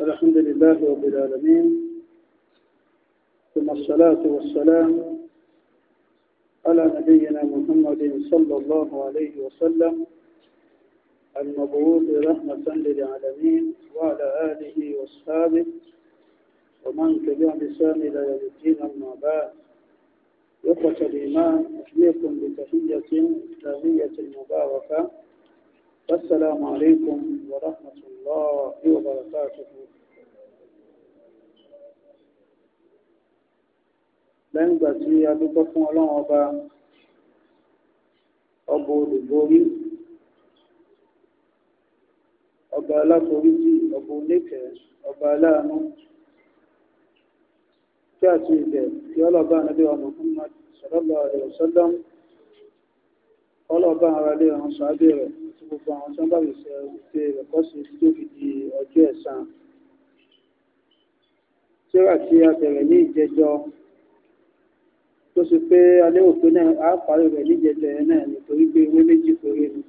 الحمد لله رب العالمين ثم الصلاة والسلام على نبينا محمد صلى الله عليه وسلم المبعوث رحمة للعالمين وعلى آله وأصحابه ومن تبع بسام إلى يوم الدين أما بعد إخوة الإيمان أحييكم بتحية إسلامية مباركة والسلام عليكم ورحمة الله وبركاته lẹ́yìn ìgbà tí a dúpẹ́ fún ọlọ́run ọba ọba olùborí ọba aláforíjì ọba oníkẹ́ ọba aláàánú tí àti ìbẹ̀ tí ọlọ́ba ànábẹ́wà Muhammad sallallahu alaihi wasallam ọlọ́ọ̀bá ara lé àwọn sàábẹ̀ rẹ̀ àti gbogbo àwọn tí wọ́n bá lè ṣe ìṣe rẹ̀ kọ́sì tó fi di ọjọ́ ẹ̀san. tíra tí a bẹ̀rẹ̀ ní ìjẹjọ́ tó ṣe pé alẹ́ òpin náà á parí rẹ̀ ní ìjẹjọ́ yẹn náà nítorí pé ewé méjì péré ni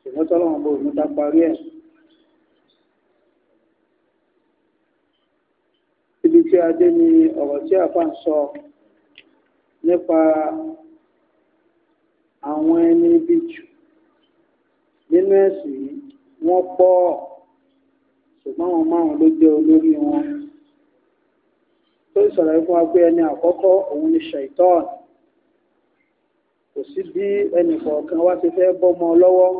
ṣùgbọ́n tọ́lọ́wọ́n bò ní ta parí ẹ̀. ibi tí a dé ni ọ̀rọ̀ tí a fà ń sọ nípa àwọn ẹni ibi jù nínú ẹ̀sìn yìí wọ́n pọ̀ ṣùgbọ́n àwọn márùn-ún ló jẹ́ olórí wọn tó ìsọ̀rọ̀ fún wa pé ẹni àkọ́kọ́ òun ni ṣàìtọ́n kò sí bí ẹnì wá ti fẹ́ bọ́mọ lọ́wọ́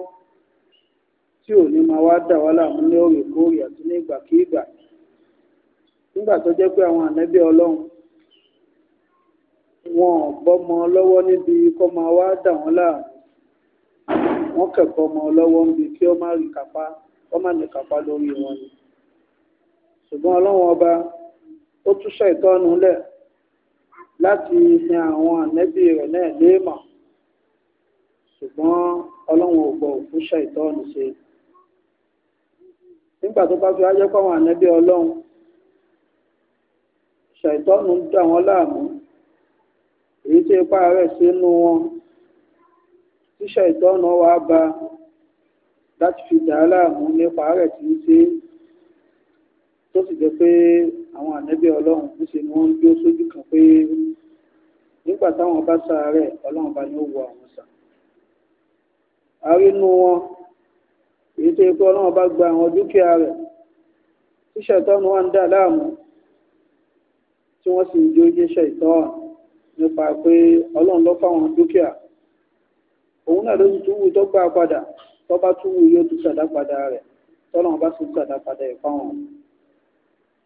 tí ò ní máa wá dà wá láàmú ní òrèkóòrè àti ní wọn ò bọ́mọ lọ́wọ́ níbi kọ́ máa wá dà wọ́n láàmú wọ́n kẹ̀ bọ́mọ lọ́wọ́ níbi kí ó má rí kápá ó má ní kápá lórí wọn ni ṣùgbọ́n ọlọ́run ọba ó túṣọ̀ ìtọ́nu lẹ̀ láti yan àwọn ànẹ́bí rẹ̀ náà léèmọ̀ ṣùgbọ́n ọlọ́run ò gbọ́ òkúṣọ̀ ìtọ́nu ṣe nígbà tó bá fi wáyé pé àwọn ànẹ́bí ọlọ́run ṣàìtọ́nu ń dà wọ́n láàmú tí ipa rẹ̀ sínú wọn tíṣà ìtọ́nà wa bá láti fi dà á láàmú nípa rẹ̀ tí ń ṣe tó sì jẹ́ pé àwọn ànẹ́bí ọlọ́run ń ṣe ni wọ́n ń dúró sójú kan pé nígbà táwọn bá ṣàárẹ̀ ọlọ́run bá yóò wọ àwọn sàn. arínú wọn èyí tó yẹ pé ọlọ́run bá gba àwọn dúkìá rẹ̀ tíṣà ìtọ́nà wa ń dà láàmú tí wọ́n sì ń jó iṣẹ́ ìtọ́nà. nípa pé ọlọ́run lọ́ fáwọn dúkìá òun náà ló sì tún wù tó gbà padà tó bá tún wù yóò tún sàdá padà rẹ̀ tọ́lọ́run bá sì sàdá padà ẹ̀ fáwọn.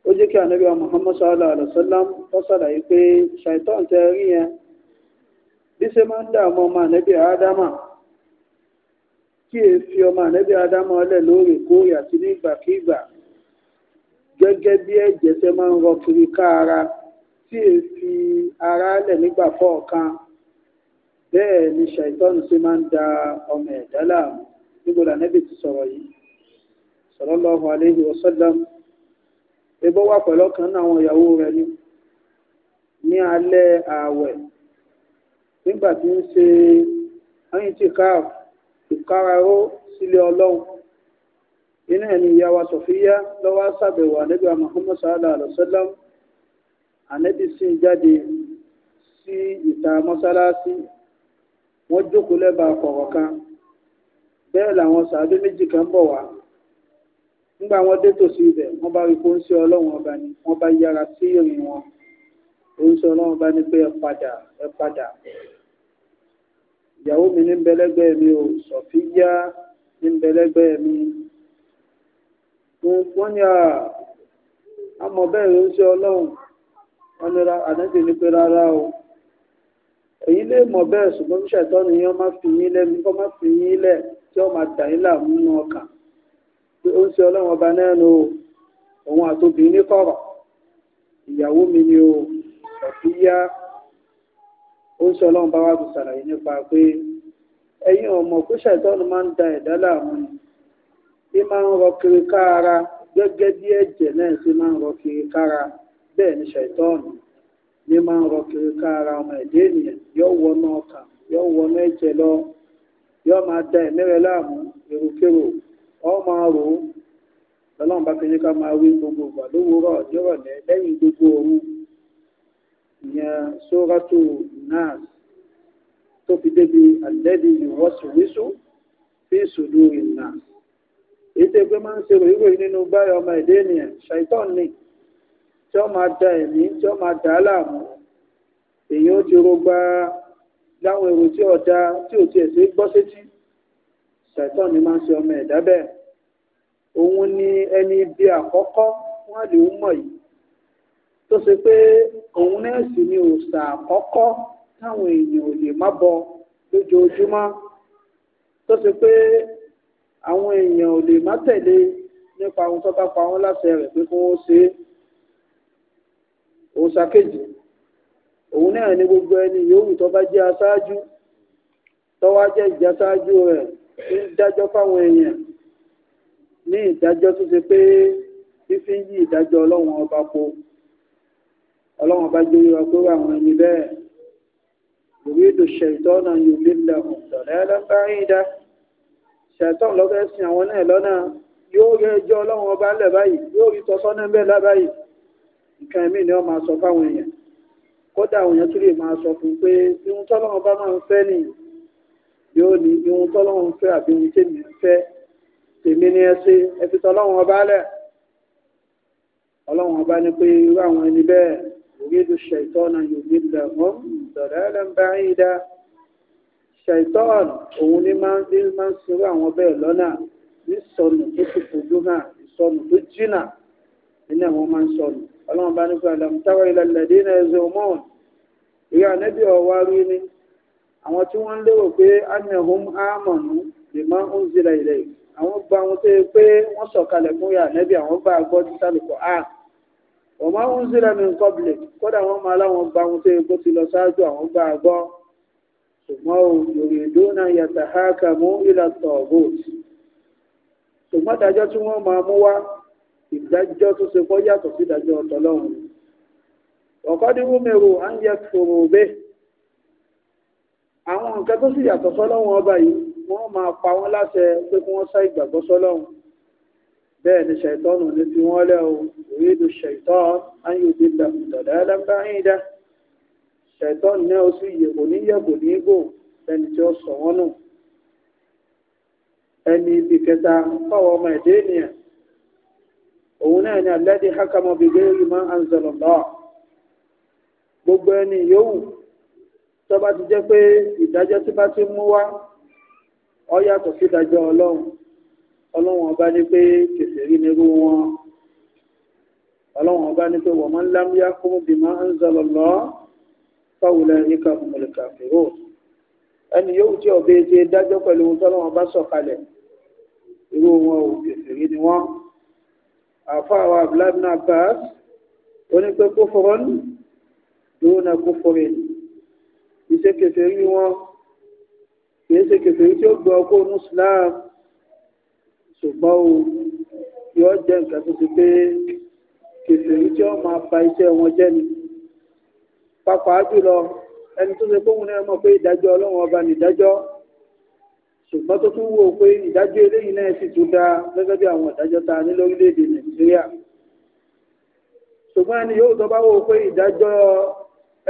ó jẹ́ kí ànábì Muhammad sallallahu tó pé ṣàìtàn tẹ rí yẹn bí ṣe máa ń dààmú ọmọ kí ọmọ lóòrèkóòrè àti gẹ́gẹ́ bí ẹ̀jẹ̀ ṣe ń rọ kiri káara. tí è fi ara lẹ̀ nígbà fọ́ọ̀kan bẹ́ẹ̀ ni ṣàìtọ́nù ṣe máa ń da ọmọ ẹ̀dá láàmú níbo lànẹ́bì ti sọ̀rọ̀ yìí sallallahu alayhi wa sallam ebó wà pẹ̀lú ọ̀kan náà àwọn ìyàwó rẹ̀ ni ní alẹ́ ààwẹ̀ nígbà tí ń ṣe ẹ̀yìn tí ká ìkáraró sílé ọlọ́run inú ẹ̀ ni ìyá wa Sọ̀fíyá lọ́wọ́ sábẹ̀wò ànábì Muhammad sallallahu alayhi wa sallam ànẹ́bí sì ń jáde sí ìta mọ́sálásí wọ́n jókòó lẹ́bàá kọ̀ọ̀kan kan bẹ́ẹ̀ làwọn sàádé méjì kan bọ̀ wá nígbà wọn dé tòsí ibẹ̀ wọ́n bá rí kó ń ṣe ọlọ́run ọba ni wọ́n bá yára sí ìrìn wọn ó ń ṣe ọlọ́run ọba ni pé ẹ padà ẹ padà ìyàwó mi ní bẹlẹ́gbẹ́ mi ò sọ̀fíyá ní bẹlẹ́gbẹ́ mi wọ́n ní àmọ́ bẹ́ẹ̀ ló ń ṣe ọlọ́run wọn ní ànábì ní pé rárá o èyí lè mọ̀ bẹ́ẹ̀ ṣùgbọ́n bí ṣàìtọ́nù yín ọmọ fi yín lẹ́nu kọ́ má fi yín lẹ̀ tí ó máa dà yín láàmú nínú ọkàn pé ó ń ṣe ọlọ́run ọba náà nù o òun àtòbí ní kọ̀rọ̀ ìyàwó mi ni o ọ̀bí yá ó ń ṣe ọlọ́run bá wà bí ṣàlàyé nípa pé ẹ̀yin ọmọ pé ṣàìtọ́nù máa ń da ẹ̀dá láàmú ni bí máa ń rọ kiri kára gẹ́gẹ́ bí ẹ̀jẹ̀ náà ṣe máa ń rọ kiri kára bẹ́ẹ̀ ni ṣàìtọ́ọ̀nù ní máa ń ká ara ọmọ ẹ̀dá ènìyàn yóò wọnú ọkàn yóò wọnú ẹ̀jẹ̀ lọ yóò máa da ẹ̀mí rẹ láàmú èròkérò ọ rò ó bá ká máa wí gbogbo ìgbà lówùúrọ̀ nírọ̀lẹ́ lẹ́yìn gbogbo òru ìyẹn sóràtò náà tó fi débi fi èyí máa ń ṣe ròyìnròyìn nínú gbáyọ̀ ọmọ ẹ̀dá ènìyàn tí ó máa da ẹ̀mí tí ó máa dà á láàmú èyí ó ti rogba láwọn èrò tí ó da tí ò tiẹ̀ sí gbọ́ sétí ṣàìtàn ni máa ń ṣe ọmọ ẹ̀dá bẹ́ẹ̀ òun ni ẹni ibi àkọ́kọ́ wọ́n lè ń mọ̀ yìí tó ṣe pé òun náà sì ni òòṣà àkọ́kọ́ táwọn èèyàn ò lè má bọ lójoojúmọ́ tó ṣe pé àwọn èèyàn ò lè má tẹ̀lé nípa ohun tó bá pa wọ́n láṣẹ rẹ̀ pé kí wọ́n ṣe é òòṣà kejì òun náà ni gbogbo ẹni yòówù tó bá jẹ́ aṣáájú tó wá jẹ́ ìjáṣáájú rẹ̀ ń dájọ́ fáwọn èèyàn ní ìdájọ́ tó ṣe pé fífi ń yí ìdájọ́ ọlọ́run ọba po ọlọ́run ọba jẹ́ yíra pé àwọn ẹni bẹ́ẹ̀ yuridu shaytana yudillahum dalalan ba'ida ṣẹ̀tọ́n lọ́fẹ́ sin àwọn náà lọ́nà yóò rí ẹjọ́ ọlọ́run ọba lẹ̀ báyìí yóò rí tọ́sọ́nà bẹ́ẹ̀ lábáyìí nǹkan ẹ̀mí ni wọ́n máa sọ fáwọn èèyàn kódà àwọn èèyàn tún lè máa sọ fún un pé ihun tọ́lọ́run bá máa ń fẹ́ nìyí yóò ní ihun tọ́lọ́run fẹ́ àbí ohun tèmi ń fẹ́ tèmi ni ẹ ṣe ẹ fi tọ́lọ́run ọba lẹ̀ ọlọ́run ọba ní pé irú àwọn ẹni bẹ́ẹ̀ ògidù ṣèitọ́nà yòókì lẹ̀ wọ́n dọ̀rẹ́ lẹ́ ń bá òun ní máa ń máa àwọn bẹ́ẹ̀ lọ́nà ní sọnù tó ti fojú hàn ìsọnù tó jìnnà nínú àwọn máa ń sọnù ọlọ́run bá nípa ẹ̀lẹ́mú táwọn ilẹ̀ lẹ́dí náà ẹ̀zẹ̀ òmọ́ọ̀n ìyá ànẹ́bí ọ̀wá rí ni àwọn tí wọ́n ń lérò pé anahum amọ̀nù lè máa ń zilẹ̀ ilẹ̀ àwọn gba àwọn tó yẹ pé wọ́n sọ̀kalẹ̀ fún ìyá ànẹ́bí àwọn bá gbọ́ títà lùkọ́ a wọ́n máa ń zilẹ̀ mi kọ́bìlẹ̀ kódà wọ́n máa láwọn gba àwọn tó yẹ kó ti lọ ṣáájú àwọn gbà gbọ́ ṣùgbọ́n o yuriduna yatahakamu ila taghut ṣùgbọ́n dájọ́ tí wọ́n máa mú wá ìdájọ́ tó ṣe kọ́ yàtọ̀ sí ìdájọ́ ọ̀tọ̀lọ́hún ọ̀kọ́dínwó mẹ́rù à ń yẹ fòrò bẹ́ẹ̀ àwọn nǹkan tó sì yàtọ̀ sọ́lọ́hún ọba yìí wọ́n máa pa wọ́n láṣẹ pé kí wọ́n sá ìgbàgbọ́ sọ́lọ́hún bẹ́ẹ̀ ni ṣàìtọ́nù ní fi wọ́n lẹ́ o òyìnbó ṣàìtọ́ ayọ̀dé dàdà lábá yín dá ṣàìtọ́nù náà ó sì yẹ̀bù ní yẹ̀bù ní gbò ẹni tí ó sọ wọ́n nù ẹni ibi kẹta fáwọn ọmọ ẹ̀dẹ́ ènìyàn òun náà ni alladhi hakama bi ghairi ma anzala Allah gbogbo ẹni yòówù tó bá ti jẹ́ pé ìdájọ́ tí bá ti mú wá ó yàtọ̀ sí ìdájọ́ ọlọ́run ọlọ́run ọba ní pé kèfèrí nírú wọn ọlọ́run ọba ní pé wa man lam yahkum bima anzala Allah fa ulaika humul kafirun ẹni yòówù tí ọ̀bẹ ti dájọ́ pẹ̀lú ohun tọ́lọ́run ọba sọ̀kalẹ̀ irú wọn ò kèfèrí ni wọ́n àfáà wa abdullahi bin abbas ó ní pé kófòrán dúró na kófòrè ìṣe kèfèrí wọn kìí ṣe kèfèrí tí ó gbọ́ ọkọ ní islam ṣùgbọ́n o yóò jẹ́ nǹkan tó ti pé kèfèrí tí ó máa fa iṣẹ́ wọn jẹ́ ni pàápàá jùlọ ẹni tó ṣe kóhun náà mọ̀ pé ìdájọ́ ọlọ́run ọba nìdájọ́ ṣùgbọ́n tó tún wò pé ìdájọ́ eléyìí náà sì tún dáa gẹ́gẹ́ bí àwọn ìdájọ́ ta ní lórílẹ̀‐èdè nàìjíríà ṣùgbọ́n ẹni yóò tó bá wò pé ìdájọ́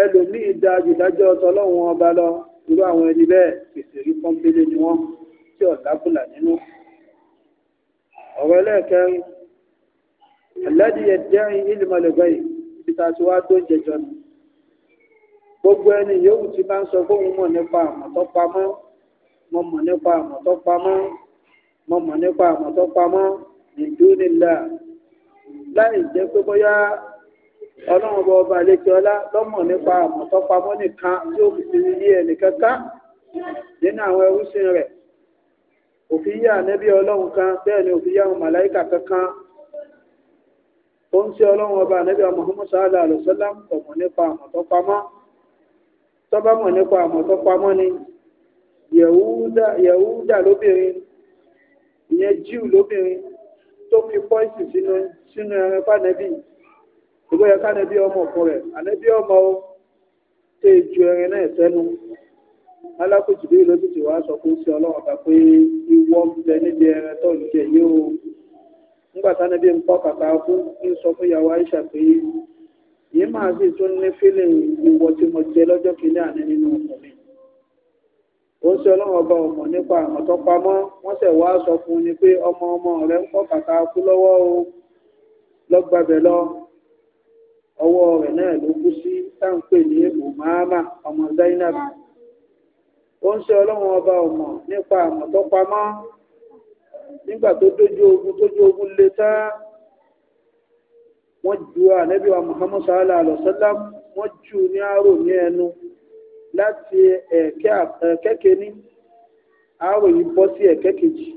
ẹlòmíì dáa ju ìdájọ́ tọlọ́run ọba lọ irú àwọn ẹni bẹ́ẹ̀ pèsè rí pọ́ńpélé ni wọ́n tí ọ̀dákùlà nínú ọ̀rọ̀ ẹlẹ́ẹ̀kẹrin ẹ̀lẹ́dì ẹ̀dẹ́rin ìlúmọ̀lẹ́gbẹ́ yìí gbogbo ẹni yòówù ti bá ń sọ fóun mọ̀ nípa àmọ̀tọ́pamọ́ mo mọ̀ nípa àmọ̀ tó pamọ́ mo mọ̀ nípa àmọ̀ tó pamọ́ nìdúnilà láì jẹ́ pé bóyá ọlọ́run bá ọba àlejò ọlá lọ́mọ̀ nípa àmọ̀ tó pamọ́ nìkan tí ó fi ti rí ẹnìkan ká nínú àwọn ẹrúsìn rẹ̀ òfin yá ànẹ́bí ọlọ́run kan bẹ́ẹ̀ ni òfin yá màláìkà kankan ó ń ṣe ọlọ́run ọba ànẹ́bí Muhammad sallallahu alaihi wasallam kò mọ̀ nípa àmọ̀ tó pamọ́ tó bá mọ̀ nípa àmọ̀ yẹ̀húdà yẹ̀húdà lóbìnrin ìyẹn jíù lóbìnrin tó fi pọ́ìsì sínú sínú ẹran fànẹ́bí ìgbó yẹ kánẹ́bí ọmọ fún rẹ̀ ànẹ́bí ọmọ ó tó ju ẹran náà sẹ́nu alákòjì bí ló ti wá sọ fún sí ọlọ́run pé bẹ níbi ẹran tó ń jẹ yìí o nígbà tánẹ́bí ń pọ́ kàkà fún ń sọ fún yàwó Aisha pé yìí máa sì tún ní fílẹ̀ ìwọ tí mo jẹ lọ́jọ́ kìíní àná nínú ọkọ̀ mi ó ń ṣe ọlọ́run ọba ọmọ nípa àwọn tó pamọ́ wọ́n ṣẹ̀ wá sọ fún un ni pé ọmọ ọmọ rẹ̀ ń kọ́ bàtà kú lọ́wọ́ o lọ́gbàbẹ̀ lọ ọwọ́ rẹ̀ náà ló kú sí táǹpẹ̀ ní mùmáàmà ọmọ Zainab ó ń ṣe ọlọ́run ọba ọmọ nípa àwọn tó pamọ́ nígbà tó dójú ogun tójú ogun le tán wọ́n ju ànábì wa Muhammad sallallahu alaihi wasallam wọ́n jù ní àrò ní ẹnu láti ẹ̀kẹ́ kẹ́ni àárò yìí bọ́ sí ẹ̀kẹ́ kejì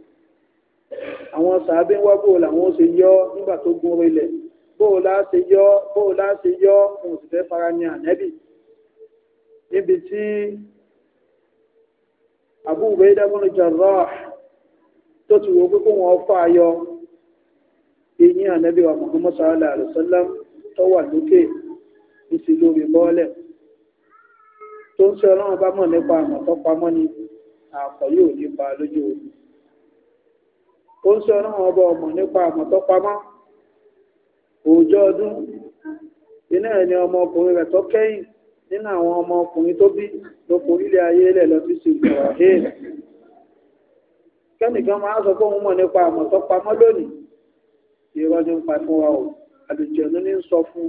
àwọn sàábé wá bò làwọn ṣe yọ nígbà tó gun orí ilẹ̀ bò láṣe yọ bò láṣe yọ òun sì fẹ́ fara ní ànẹ́bì níbi tí Abu Ubayda bin Jarrah tó ti wò pé kó wọn fà yọ eyín ànẹ́bì wa Muhammad sallallahu tó wà lókè ní sí tó ń ṣe ọlọ́run bá mọ̀ nípa àmọ̀ tó pamọ́ ni yóò nípa lójú omi ó ń ṣe ọlọ́run ọba ọmọ nípa àmọ̀ tó pamọ́ òòjọ́ ọdún iná ẹ̀ ni ọmọkùnrin rẹ̀ tó kẹ́yìn nínú àwọn ọmọkùnrin tó bí lóko ayé lẹ̀ lọ sí sí kẹ́nìkan máa sọ fóun mọ̀ nípa àmọ̀ lónìí pa fún wa o ní ń fún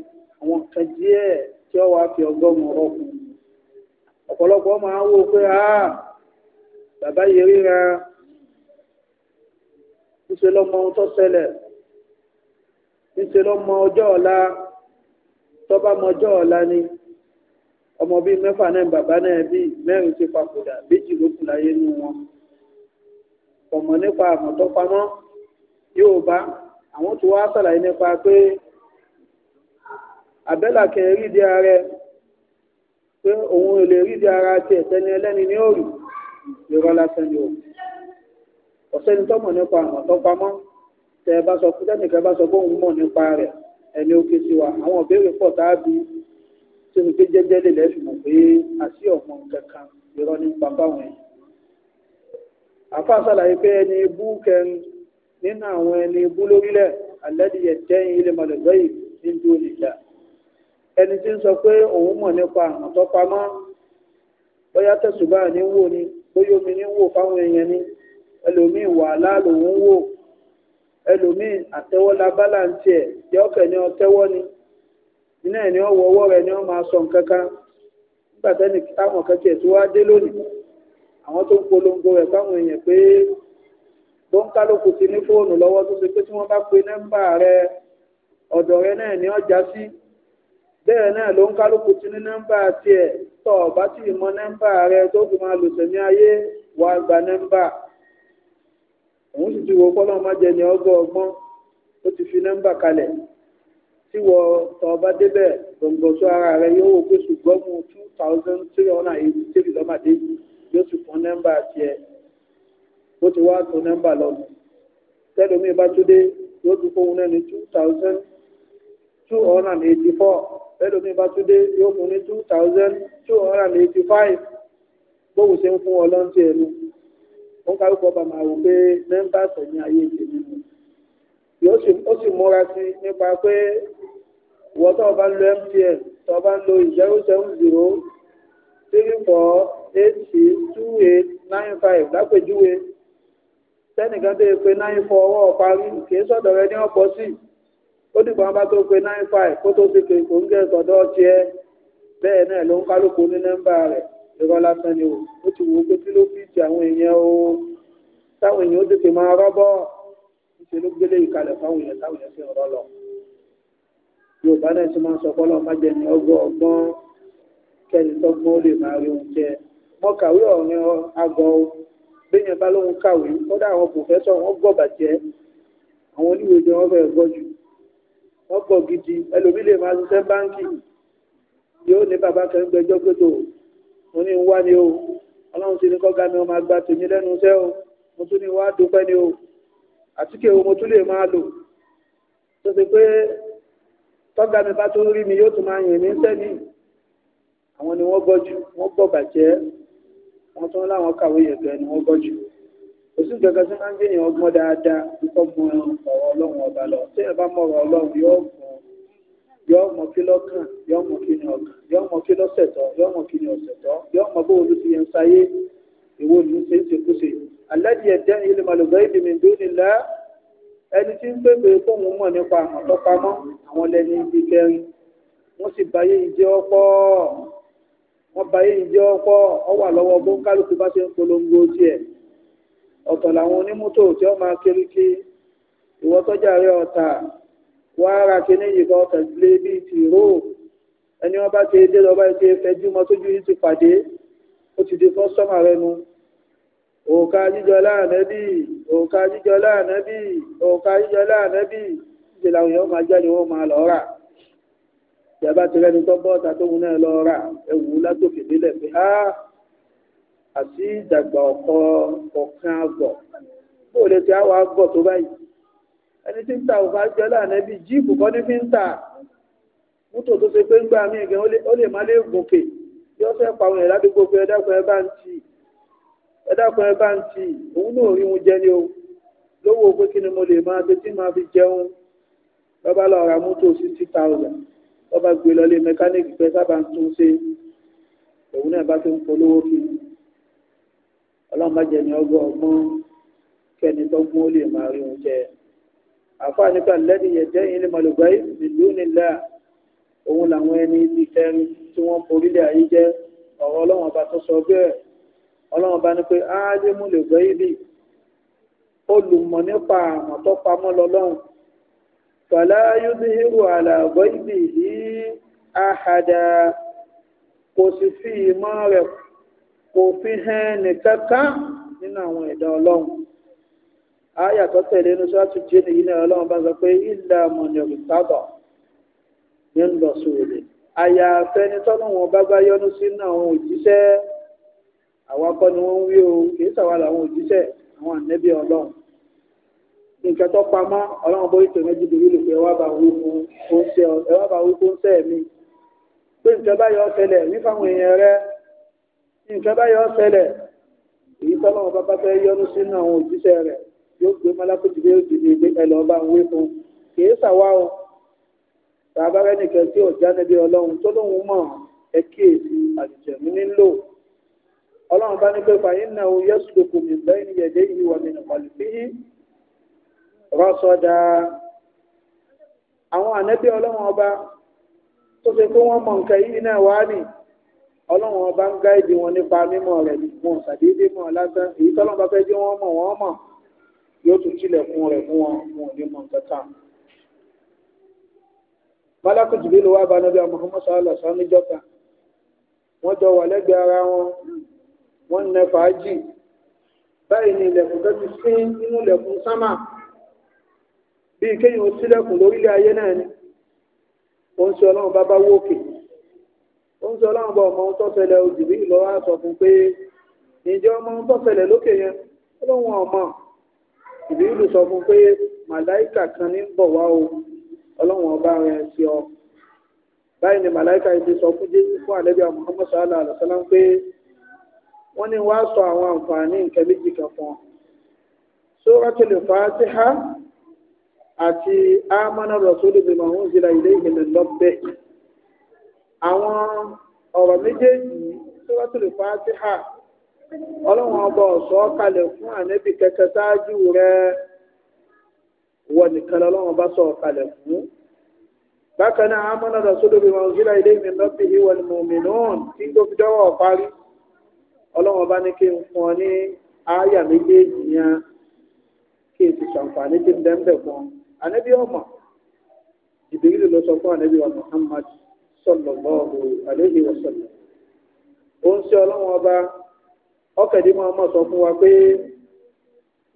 àwọn ọ̀pọ̀lọpọ̀ máa ń wò pé bàbá yìí ríra níṣẹ́ ló mọ ohun tó ṣẹlẹ̀ níṣẹ́ ló mọ ọjọ́ ọ̀la tó bá mọ ọjọ́ ọ̀la ni ọmọ bíi mẹ́fà náà bàbá náà bí mẹ́rin ti papòdà méjì ló kù láyé nínú wọn ọmọ nípa àmọ̀tọ́pamọ́ yóò bá àwọn tó wá ṣàlàyé nípa pé àbẹ́là kẹrin di ààrẹ pé òun lè rí di ara tiẹ̀ tẹni ẹlẹ́ni ní òòlù irọ́ lásán ni o ọ̀sẹ́ni tọ́mọ̀ nípa àwọn tó pamọ́ tẹ ẹ bá sọ fún tẹnìkan bá sọ pé òun mọ̀ nípa rẹ̀ ẹni ó ké sí wa àwọn ìbéèrè pọ̀ tá a bí tí mo gbé jẹ́jẹ́ lè lẹ́sùn mọ̀ pé àti ọ̀mọ kankan irọ́ ní bàbá wọn àfáà sàlàyé pé ẹni ibú kẹrin nínú àwọn ẹni ibú lórílẹ̀ alẹ́ ti yẹ dẹ́yìn ilé mọ̀lẹ́gbẹ́yì ní dúró nìjà ẹni tí ń sọ pé òun mọ̀ nípa àwọn tó pamọ́ bóyá tẹ̀sùbá ní wò ni bóyá omi ní wò fáwọn èèyàn ni ẹlòmíì wàhálà lòun ń wò ẹlòmíì àtẹwọ́ la ẹ̀ yọ ọ̀kẹ́ ni ọ tẹ́wọ́ ni iná ẹ̀ ni ọ wọ ọwọ́ rẹ ni ọ máa sọ nǹkan kan nígbà tẹ́ni táwọn kẹ́kẹ́ tí wàá dé lónìí àwọn tó ń polongo ní fóònù lọ́wọ́ tó ṣe pé bá pe nọ́mbà ọ̀dọ̀ náà ni ọjà bẹ́ẹ̀ náà ló ń kálukú ti ní nọ́mbà tiẹ̀ tó o bá ti mọ nọ́mbà rẹ tó fi máa lò sẹ́mi ayé wà gba nọ́mbà òun sì ti wo kọ́ lọ́mọ jẹ ní ọgọ́ ọgbọ́n ó ti fi nọ́mbà kalẹ̀ tí wọ tó o bá débẹ̀ gbọ̀ngbọ̀sọ ara rẹ yóò wò pé ṣùgbọ́n mu two thousand three hundred and eighty three lọ́màdé yóò ti fún nọ́mbà tiẹ̀ ó ti wá tó nọ́mbà lọ́nu tẹ́lómi bá tó dé yóò tún fóun náà ní two thousand. two hundred and eighty four bá tún dé yóò fún ní two thousand two hundred and eighty five ṣe ọ ẹnu ó ń kárúkọ bá máa wò pé members ẹ̀yìn ayé ìdèmí ó sì múra sí nípa pé tó o bá ń lo MTN tó bá ń lo zero seven zero three four eight six two eight nine five lápèjúwe ó dìgbà wọn bá tó pe nine five kó tó fi kéèkó ń gé ìtọ́dọ́ tiẹ̀ bẹ́ẹ̀ náà ló ń kálukú ní nọ́mbà rẹ̀ irọ́ lásán ni o ó ti wò ó pé kí ló fi ti àwọn èèyàn o táwọn èèyàn ó tètè máa rọ́bọ̀ ṣe ló gbélé ìkalẹ̀ fáwọn èèyàn táwọn èèyàn fi ń rọ́ yorùbá náà ti máa ń sọ fọlọ́ májẹ ní ọgbọ́n ọgbọ́n kẹ́ni tọ́gbọ́n ó lè máa rí oúnjẹ. mo kàwé ọ̀rin àgọ́ o béèyàn bá lóun kàwé kódà àwọn pòfẹ́sọ̀ wọn gbọ́ bàjẹ́ àwọn oníwèé jẹ wọn fẹ́ẹ́ gbọ́ jù wọ́n pọ̀ gidi ẹlòmí lè máa ṣiṣẹ́ báńkì yóò ní bàbá kan gbẹjọ́ gbẹdọ̀ mo ní wá ni o ọlọ́run ti ní kọ́ga mi ọmọ àgbà tèmi lẹ́nu iṣẹ́ o mo tún ní wá dúpẹ́ ni o àtíkè o mo tún lè máa lò tó ṣe pé tọ́ga mi bá tún rí mi yóò tún máa yìn mí sẹ́ni àwọn ni wọ́n gbọ́ jù wọ́n gbọ́ bàjẹ́ wọ́n tún láwọn kàwé yẹ̀gẹ́ ni wọ́n gbọ́ jù òsì gàgà tí máa ń gbé yẹn ọgbọ́n dáadáa kíkọ́ mọ̀ ọ̀rọ̀ ọlọ́run ọba lọ tí ẹ bá mọ̀ ọ̀rọ̀ ọlọ́run yóò mọ̀ yóò mọ̀ kí lọ́kàn yóò mọ̀ kí ni ọkàn yóò mọ̀ kí lọ́sẹ̀tọ̀ yóò mọ̀ kí ni ọ̀sẹ̀tọ̀ yóò mọ̀ bóun ló ti yẹn sáyé ìwọ ni ṣe ń ṣe kúṣe aládìí ẹ̀dẹ́ ilé màlúbẹ́ ibi mi dún ní lá ẹni tí ń pèpè fóun mọ̀ nípa àwọn tọ́pamọ́ àwọn lẹni ibi kẹrin wọ́n sì báyé ìjẹ́ ọ̀pọ̀ wọ́n báyé ìjẹ́ ọ̀pọ̀ ọ wà lọ́wọ́ bó ń kálukú bá ṣe ń polongo tiẹ̀ ọ̀tọ̀ làwọn onímọ́tò tí wọ́n máa kiri kí ìwọ tọ́jà rẹ ọ̀tà wọ́n á ra kíní yìí kan ọ̀tà lé bíi tìró ẹni wọ́n bá ti dé lọ́ba ti fẹjú mọ́ tójú yìí ti pàdé ó ti di kọ́sọ́mà rẹ nu òòkà jíjọ láàánẹ́bì òòkà jíjọ láàánẹ́bì òòkà jíjọ láàánẹ́bì ṣe làwọn èèyàn máa jáde wọ́n máa lọ rà ìjàmbá ti rẹni tó bọ́ ọ̀tà tó wù àti ìdàgbà ọ̀kọ́ ọ̀kan àgbọ̀ bó o lè ti àwọn àgbọ̀ tó báyìí ẹni tí ń ta òkà jẹ́ láàrin ẹbí jíìpù kọ́ ní fi ń ta mọ́tò tó ṣe pé ń gbà mí gan ó lè má lè gòkè yóò fẹ́ pa àwọn ìlàdí gbogbo ẹ̀dàkùn ẹ̀ bá ń tì ẹ̀dàkùn ẹ̀ bá ń tì òun náà rí wọn jẹ ní o lówó pé kí ni mo lè máa tètè máa fi jẹun bàbá lọ ra mọ́tò sixty thousand bàbá gbé lọ lé mẹkáníìkì pẹ́ sábà ń tún ṣe òun náà bá fi ń polówó kiri ọlọ́mọdé ni ọgbọ́n ọgbọ́n kẹ́ni tó gún ó lè máa rí oúnjẹ. àfáà nípa lẹ́dí yẹn jẹ́ ilé mọ̀lùgbá ìlú nílẹ̀ òun làwọn ẹni ti kẹrin tí wọ́n forílẹ̀ ayé jẹ́ ọ̀rọ̀ ọlọ́wọ́n ọba tó sọ bẹ́ẹ̀ ọlọ́wọ́n ọba ní pé áádé mú lè gbọ́ ibi olùmọ̀ nípa àmọ̀ tó pamọ́ lọ́lọ́run fàlà yúdíhìrù àlàgbọ́ ibi yìí àhàdà kò sì fi ìmọ̀ rẹ̀ kò fi hàn nìkankan nínú àwọn ẹ̀dá ọlọ́run ayé àtọ́tẹ̀lé inú sọ́ọ́tù jẹ́ nìyí náà ọlọ́run bá sọ pé ilẹ̀ amọ̀nìyàn sábà ní ń lọ sóòlè àyàfẹ́ ni tọ́nà wọn bá bá yọnu àwọn òjíṣẹ́ ni wọ́n ń wí o kìí òjíṣẹ́ àwọn ànẹ́bí ọlọ́run nǹkan tó pamọ́ ọlọ́run bó ìtò méjì bá fún nǹkan báyọ̀ ṣẹlẹ̀ èyí tọ́lọ́wọ́ bá bá fẹ́ yọnu sínú àwọn òjíṣẹ́ rẹ̀ yóò gbé malakuti bí yóò ti di ilé ẹlọ́ bá ń wé fún kìí ṣàwa o bàbá rẹ nìkan tí ò já níbi ọlọ́run tó lóun mọ̀ ẹ kíyèsí àjẹmí nílò ọlọ́run bá ní pé fàyín náà ó yẹ́sù lóko mi bẹ́ẹ̀ ni yẹ̀dẹ́ yìí wà mí nìkọ̀lì bí rọ́ṣọ́dá àwọn ànẹ́bí ọlọ́run ọba tó ṣe pé wọ́n mọ̀ nǹkan yìí náà wá nìí ọlọ́run ọba ń gáìdì wọn nípa mímọ̀ rẹ̀ wọn ṣàdédé mọ̀ lásán èyí tọ́lọ́run bá fẹ́ jẹ́ wọ́n mọ̀ wọ́n mọ̀ yóò tún tilẹ̀kùn rẹ̀ fún wọn wọn ò ní mọ̀ kankan. malakú jìbìlì wà bá nàbí Muhammad sàlọ sàmì jọta wọn jọ wà lẹ́gbẹ̀ẹ́ ara wọn wọn nà fàájì báyìí ni ilẹ̀kùn tó ti sí nínú ilẹ̀kùn sámà bíi kéèyàn ó sílẹ̀kùn lórílẹ̀ ayé náà ni ó ń ṣe ọlọ́run bá bá wókè ń sọ ọlọ́run bọ̀ ọmọ ohun tó ṣẹlẹ̀ o jìbìrì lọ́wọ́ á sọ fún pé ǹjẹ́ ọmọ ohun tó ṣẹlẹ̀ lókè yẹn ó lóun ọmọ jìbìrì sọ fún pé màláìkà kan ní bọ̀ wá o ọlọ́run ọba rẹ̀ sí ọ báyìí ni màláìkà yìí ti sọ fún jésù fún àlẹ́bí Muhammad sallallahu alaihi wasallam pé wọ́n ní wàá sọ àwọn àǹfààní nǹkan méjì kan fún ọ suratul Fatiha àti amánà rasúlù bí màá ń zira ilé ìhìnlẹ̀ lọ́bẹ̀ẹ́ àwọn ọ̀rọ̀ méjèèjì suratul Fatiha ọlọ́run ọba ọ̀sọ́ kalẹ̀ fún ànẹ́bì kẹkẹ sáájú rẹ wọ nìkan lọ́lọ́run ọba sọ̀ kalẹ̀ fún. bákan náà amọ́nà rasulu bima unzila ilayhi min rabbihi wal mu'minun tí tó fi dọ́wọ́ parí ọlọ́run ọba ní kí n fún ọ ní àyà méjèèjì yẹn kí n ti sàǹfààní tí ń dẹ́ńbẹ̀ fún ọ. ànẹ́bí ọmọ ìbéèrè ló sọ fún ànẹ́bí wa Muhammad sallallahu alaihi wasallam ó ń ṣe ọlọ́run ọba ọkàdé máa mọ̀ sọ fún wa pé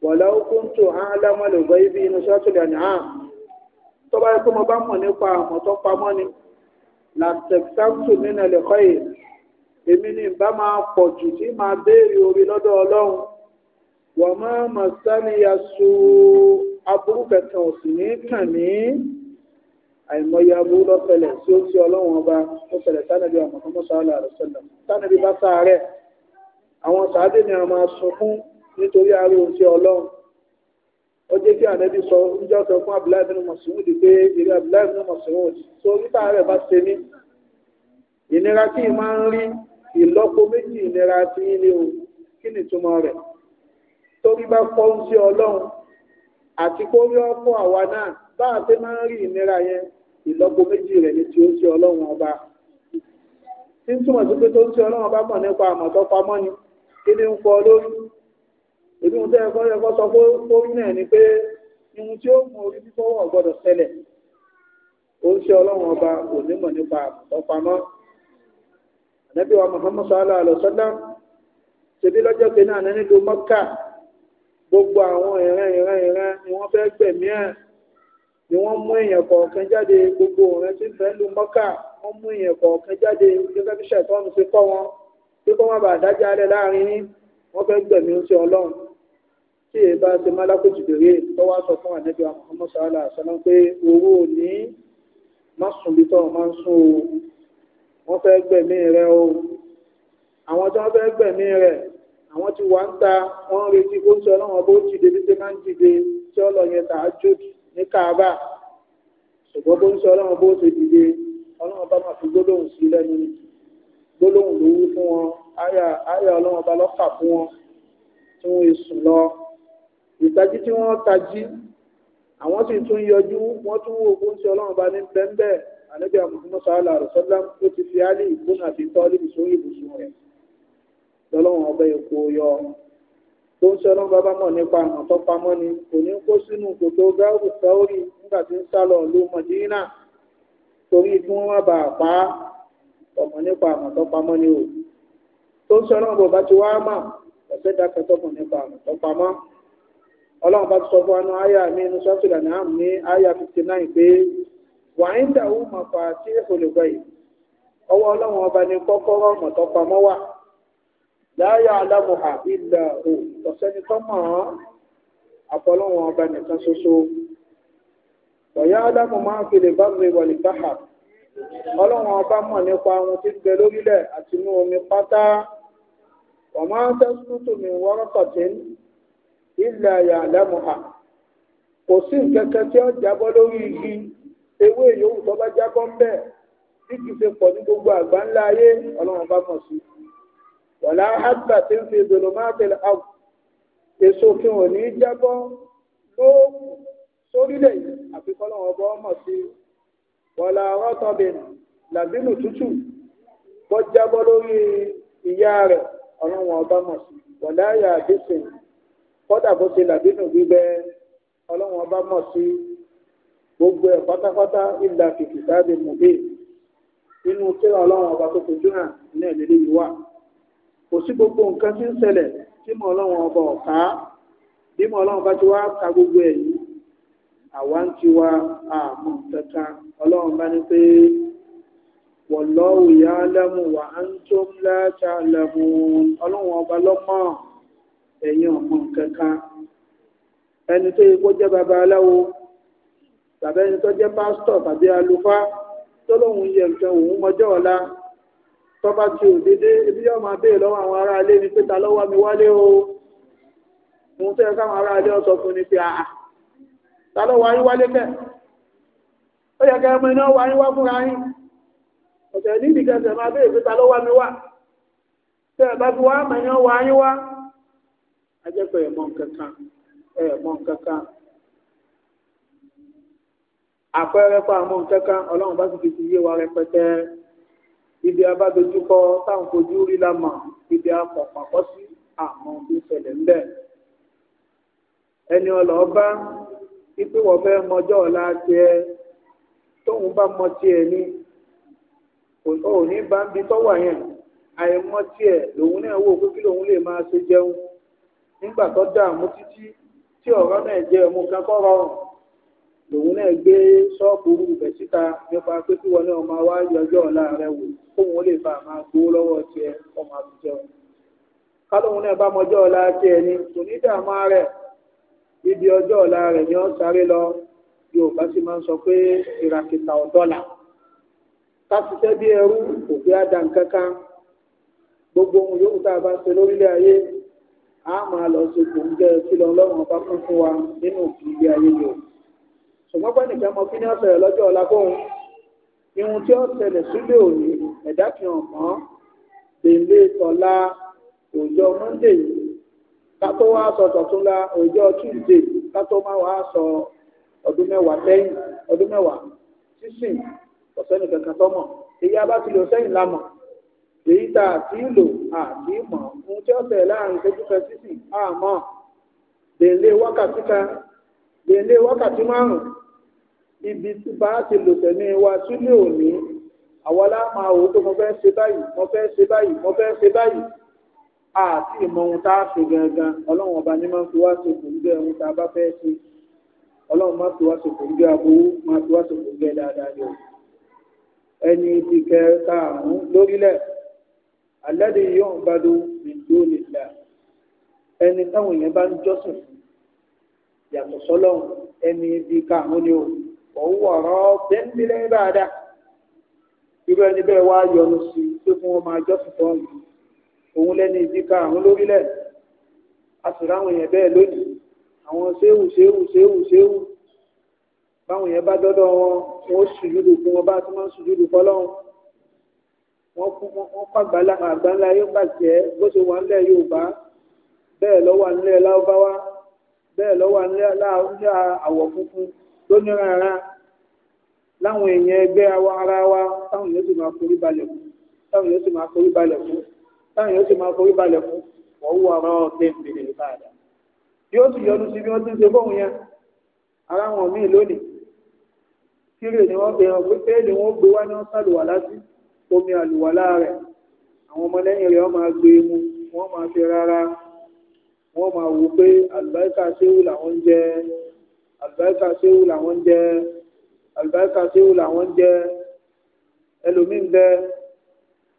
walau kuntu a'lamu al-ghaibi inú suratul an'am tó bá yẹ kó mo bá mọ̀ nípa àmọ́ tó pamọ́ ni làtẹ̀sáǹtù nínú ẹ̀lẹ́kọ́ yìí èmi ní ìbá máa pọ̀ jù tí máa béèrè orí lọ́dọ̀ ọlọ́run wọ́n máa mọ̀ sáníyà sùn aburú kẹtàn òsì ní kàn mí àìmọye aburú lọ́sẹ̀lẹ̀ tí ó ti ọlọ́run ọba ó ṣẹlẹ̀ sánàbí ọmọ tó mọ́ sàálà àrùsọ̀lẹ̀ bá sàárẹ̀ àwọn sàádé ni a máa sunkún nítorí ààrẹ ohun tí ọlọ́run ó jẹ́ kí ànábì sọ ń jẹ́ ọ̀sẹ̀ fún abdullahi bin masoud pé ìrẹ́ abdullahi bin masoud tó nípa rẹ̀ bá ṣe mí ìnira tí ì máa ń rí ìlọ́po méjì ìnira tí ń lé o kí ni ìtumọ̀ rẹ̀ torí bá fọ́ ohun tí ọlọ́run àti kórí ọkọ̀ àwa náà bá a ṣe máa ń rí ìnira yẹn ìlọ́po méjì rẹ̀ ní tí ó ń ṣe ọlọ́run ọba tí ń túmọ̀ sí pé tó ń ṣe ọlọ́run ọba mọ̀ nípa àmọ̀tọ́ pamọ́ ni kí ni ń fọ lórí èmi ń tẹ́ ẹ̀kọ́ ẹ̀kọ́ sọ fórí náà ni pé ihun tí ó mú orí fífọwọ́ gbọ́dọ̀ ṣẹlẹ̀ ó ń ṣe ọlọ́run ọba kò nímọ̀ nípa àmọ̀tọ́ pamọ́ ànábì wa Muhammad sallallahu alaihi wasallam ṣebí lọ́jọ́ kejì náà nílùú Mọ́kà gbogbo àwọn ìran ìran ìran ni wọ́n fẹ́ gbẹ̀mí ẹ̀ ni wọ́n mú èèyàn kọ̀ọ̀kan jáde gbogbo òun tí ń fẹ́ lu mọ́kà wọ́n mú èèyàn kọ̀ọ̀kan jáde gẹ́gẹ́ bí ṣẹ̀tọ́nù ti kọ́ wọn tí kọ́ wọn bá dájà rẹ̀ láàrin ní wọ́n fẹ́ gbẹ̀mí oúnjẹ ọlọ́run tí èyí bá ti málákòjì bèrè tó wá sọ fún ànẹ́bí Muhammad sallallahu alaihi wasallam pé owó ò ní má sùn bí tọ́wọ́ máa ń sùn o wọ́n fẹ́ gbẹ̀mí rẹ̀ o àwọn tí wọ́n fẹ́ gbẹ̀mí rẹ̀ àwọn ti wà ń ta wọ́n ń retí oúnjẹ ọlọ́run bó dìde bí ṣe máa ń dìde tí ọlọ́yẹn tàá jòdì ní Kaaba ṣùgbọ́n bó ń sọ ọlọ́run bó ṣe dìde ọlọ́run bá máa fi gbólóhùn sí lẹ́nu gbólóhùn ló wí fún wọn àyà àyà ọlọ́run bá lọ́kà fún wọn tí wọ́n yé sùn lọ ìtají tí wọ́n tají àwọn sì tún yọjú wọ́n tún wò bó ń sọ ọlọ́run bá ní bẹ́ńbẹ́ ànábì Muhammad sallallahu alaihi wasallam ó ti fi Àlì ìbùnà àti tọ́lì ìsórí ìbùsùn rẹ̀ lọ́lọ́run ọbẹ̀ èkó tó ń ṣe lọ́nà bàbá mọ̀ nípa àmọ̀ ni kò ní kó sínú kòtò gáàbù sáórì nígbà tí ń lọ ló torí kí wọ́n má bàa pa á nípa àmọ̀ ni o tó ń lọ́nà bàbá bá ti sọ fún anú àyà mi inú ní àyà fifty nine pé wàá ń tí èkó lè gbọ́ yìí ọwọ́ ọlọ́run ọba ni kọ́kọ́rọ́ tó pamọ́ láyà alámùhà ilà ò ọ̀sẹ́ni tó mọ̀ ọ́n àfọlọ́wọn ọba nìkan ṣoṣo ọ̀yá alámù máa ń fi lè bá mi wọlé báhà ọlọ́wọ́n ọba mọ̀ nípa ohun tí ń bẹ lórílẹ̀ àti inú omi pátá wọ́n máa ń tẹ́sùtù mi wọ́rọ́kọ̀tì ilà àyà alámùhà kò sí nkẹ́kẹ́ tí ó jábọ́ lórí igi ewé yòówù tó bá jábọ́ ń bẹ̀ bí kìí ṣe pọ̀ ní gbogbo àgbáńlá ayé ọlọ́wọ́n ọba mọ̀ sí i wọ̀lá àgbà tí ń fi dolomáàtìlì àwù èso kí wọn ní jábọ́ ló sórílẹ̀ yìí àfi kọ́lọ́wọ́n bọ́ mọ̀ sí wọ̀lá rọ́tọ̀bìn làbínú tútù bọ́ jábọ́ lórí ìyá rẹ̀ ọlọ́wọ́n ọba mọ̀ sí wọ̀lá yà àdéṣin kọ́dà bó ṣe làbínú gbígbẹ ọlọ́wọ́n ọba mọ̀ sí gbogbo ẹ̀ pátápátá ìlà kìkìtà dè mọ̀ bẹ́ẹ̀ inú kíra ọlọ́wọ́n ọba tó fojú hàn ní ẹ̀lẹ́lẹ́yìí wà kò sí gbogbo nǹkan tí ń ṣẹlẹ̀ tí mọ̀ ọlọ́run ọba ọ̀ká bí mọ̀ ọlọ́run bá ti wá ka gbogbo ẹ̀ yìí àwa ń ti wá àmọ́ kankan ọlọ́run bá ní pé wallahu ya'lamu wa antum la ta'lamun ọlọ́run ọba lọ́mọ́ ẹ̀yin ọ̀mọ́ kankan ẹni tó yẹ kó jẹ́ babaláwo tàbí ẹni tó jẹ́ pásítọ̀ tàbí àlùfáà tó lóun yẹ nǹkan òun mọjọ́ ọ̀la tọ́ba tí o dédé ebi yóò máa béè lọ́wọ́ àwọn ará ilé ni pé ta lọ́wọ́ mi wálé o òun tẹ́ káwọn ará ilé ọ̀sọ̀ fún ni pé àà ta lọ́wọ́ ayé wálé kẹ́ ó yẹ kẹ́ ẹ mọ iná wọ ayé wá fúnra yín ọ̀sẹ̀ nídìí kẹsẹ̀ máa béè pé ta lọ́wọ́ mi wá tẹ́ ẹ bá fi wá mọ iná wọ ayé wá ajẹ́pẹ́ ẹ̀ mọ nǹkankan ẹ̀ mọ àpẹẹrẹ fún àwọn nǹkankan ọlọ́run bá sì fi ti yé wa rẹpẹtẹ ibi abádojúkọ táwọn fojú rí la mọ̀ ibi apọ̀pàpọ̀ sí àmọ́ tó ṣẹlẹ̀ ńbẹ̀. ẹni ọlọ́ọ̀bá ipe wọ́n fẹ́ mọjọ́ ọ̀la tiẹ̀ tóun bá mọ tiẹ̀ ni ò ní bá ń bi tọ́wà yẹn àìmọ̀ tiẹ̀ lòun náà wò pé kí lòun lè máa ṣe jẹun nígbà tó dààmú títí tí ọ̀rọ̀ náà jẹ́ ọmọ kan kọ́ rọrùn. lòun náà gbé ṣọ́ọ̀bù rúbẹ̀ síta nípa pé kí wọn náà máa wá yọjọ́ ọ̀la rẹ wò kóun ó lè bá a máa gbowó lọ́wọ́ tiẹ̀ ọmọ àbújọ. kálóhun náà bá mọjọ́ ọ̀la tiẹ̀ ni kò ní dààmú rẹ̀ ibi ọjọ́ ọ̀la rẹ̀ ni ó sáré lọ sì máa ń sọ pé ìràkìtà ọ̀dọ́là bí ẹrú kò gbogbo ohun yòówù tá a a máa lọ kò ń jẹ́ kí lọ́wọ́ ṣùgbọ́n pẹ́ nìkan mọ kí ni ọ̀sẹ̀ rẹ̀ lọ́jọ́ ọ̀la kóhun ihun tí ó ṣẹlẹ̀ sílé òní ẹ̀dá fi hàn mọ́ tèlé tọ́lá ọjọ́ monday yìí ká tó wá sọ tọ̀túnla ọjọ́ tuesday ká tó má wá sọ ọdún mẹ́wàá sẹ́yìn ọdún mẹ́wàá sísìn ọ̀sẹ̀ nìkan kan tọ́mọ̀ èyí a bá ti lò sẹ́yìn la mọ̀ èyí tá a ti lò a ti mọ̀ ohun tí ó ṣẹlẹ̀ láàrin ìṣẹ́jú kan sísìn a mọ̀ wákàtí kan èlé wákàtí márùn ibi tí bá ti lò tẹ̀mí wa sílé òní àwa láàmà ò tó mo fẹ́ ṣe báyìí mo fẹ́ ṣe báyìí mo fẹ́ ṣe báyìí àti ìmọ̀ ohun tá a ṣe gangan ọlọ́run ọba ní máa ń fi wá ṣe kòǹgẹ́ ohun tá a bá fẹ́ ṣe ọlọ́run máa fi wá ṣe kòǹgẹ́ aburú máa fi wá ṣe kòǹgẹ́ dáadáa yọ ẹni tí kẹta àrùn lórílẹ̀ alẹ́ de yóò ń gbádùn ẹni táwọn èèyàn bá ń jọ́sìn fún yàtọ̀ sọ́lọ́hún ẹni ibi káàmún ni o òun wọ̀rọ̀ bẹ́ńbílẹ̀ ìbáadá irú ẹni bẹ́ẹ̀ wá yọnu sí i pé kí wọ́n máa jọ́sìn fún ọ̀hún òun lẹ́ni ibi káàmún lórílẹ̀ a sì ráwọn yẹn bẹ́ẹ̀ lónìí àwọn séwù séwù séwù séwù báwọn yẹn bá dọ́dọ̀ wọn wọ́n sùjúdù fún wọn bá tí wọ́n sùjúdù fọlọ́hún wọ́n kú wọ́n kọ́ àgbáńlá yóò bàjẹ́ bó ṣe wà ńlẹ̀ Yorùbá bẹ́ẹ̀ lọ́wọ́ ńlẹ̀ láwùbáwá bẹ́ẹ̀ lọ́wọ́ nílẹ̀ àwọ̀ funfun tó nira ara láwọn èèyàn ẹgbẹ́ ara wa táwọn yóò sì máa forí balẹ̀ fún táwọn yóò sì máa forí balẹ̀ fún táwọn yóò sì máa forí balẹ̀ fún wọ́n wú ara ọ̀tẹ̀ ìbèrè ìbáàdà yóò sì yọnu sí bí wọ́n ti ń ṣe fóun yẹn ara wọn míì lónìí kírè ni wọ́n bẹ̀rẹ̀ pé péèlì wọn gbé wá ní wọ́n sàlùwàlá sí omi àlùwàlá rẹ̀ àwọn ọmọlẹ́yìn rẹ̀ wọ́n máa gbé e mu wọ́n máa fi rárá wọ́n máa wò pé àlùbáríkà séwù làwọn ń jẹ àlùbáríkà séwù làwọn ń jẹ àlùbáríkà séwù làwọn ń jẹ ẹlòmíín bẹ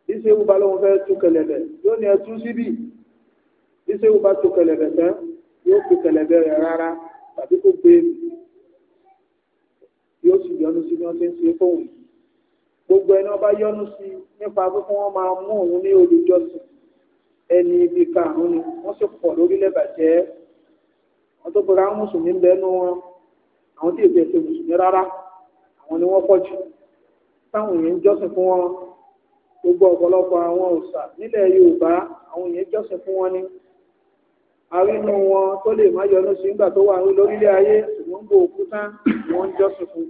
bí séwù bá lóun fẹ́ tú kẹlẹ̀bẹ̀ yóò ní ẹtú síbì bí séwù bá tú kẹlẹ̀bẹ̀ tán yóò fi kẹlẹ̀bẹ̀ rẹ̀ rárá tàbí kó gbé e. yóò sì yọnu sí bí wọ́n ti ń ṣe fóun gbogbo ẹni wọ́n bá yọnu sí nípa pé kí máa mú òun ní olùjọ́sìn ẹni ibi karùn-ún ni wọ́n sì pọ̀ lórílẹ̀ bàjẹ́ wọ́n tó gbọ́dọ̀ àwọn mùsùlùmí bẹ́ẹ̀nu wọn àwọn tí èdè ṣe mùsùlùmí rárá àwọn ni wọ́n pọ̀ jù táwọn èèyàn ń jọ́sìn fún wọn gbogbo ọ̀pọ̀lọpọ̀ àwọn òòṣà nílẹ̀ Yorùbá àwọn èèyàn jọ́sìn fún wọn ni arínú wọn tó lè má yọnu sí nígbà tó wà lórílẹ̀ ayé ṣùgbọ́n gbogbo òkúta ni wọ́n ń jọ́sìn fún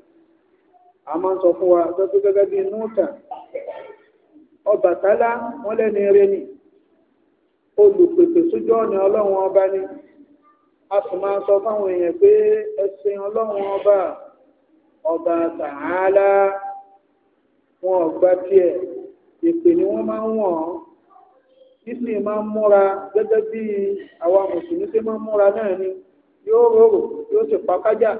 a máa ń sọ fún wa gẹ́gẹ́ gẹ́gẹ́ bíi Ọbàtálá wọ́n lẹ́ni rẹ̀ nìyí olùpèpè sójú ọ̀nà ọlọ́run ọba ni a sì máa sọ fáwọn èèyàn pé ẹsìn ọlọ́run ọba ọba tààlà wọn ò gba tiẹ̀ èpè ni wọ́n máa ń wọ̀n nísìnyí máa ń múra gẹ́gẹ́ bí àwa mùsùlùmí ṣe máa ń múra náà ni yóò rorò yóò sì pa kájà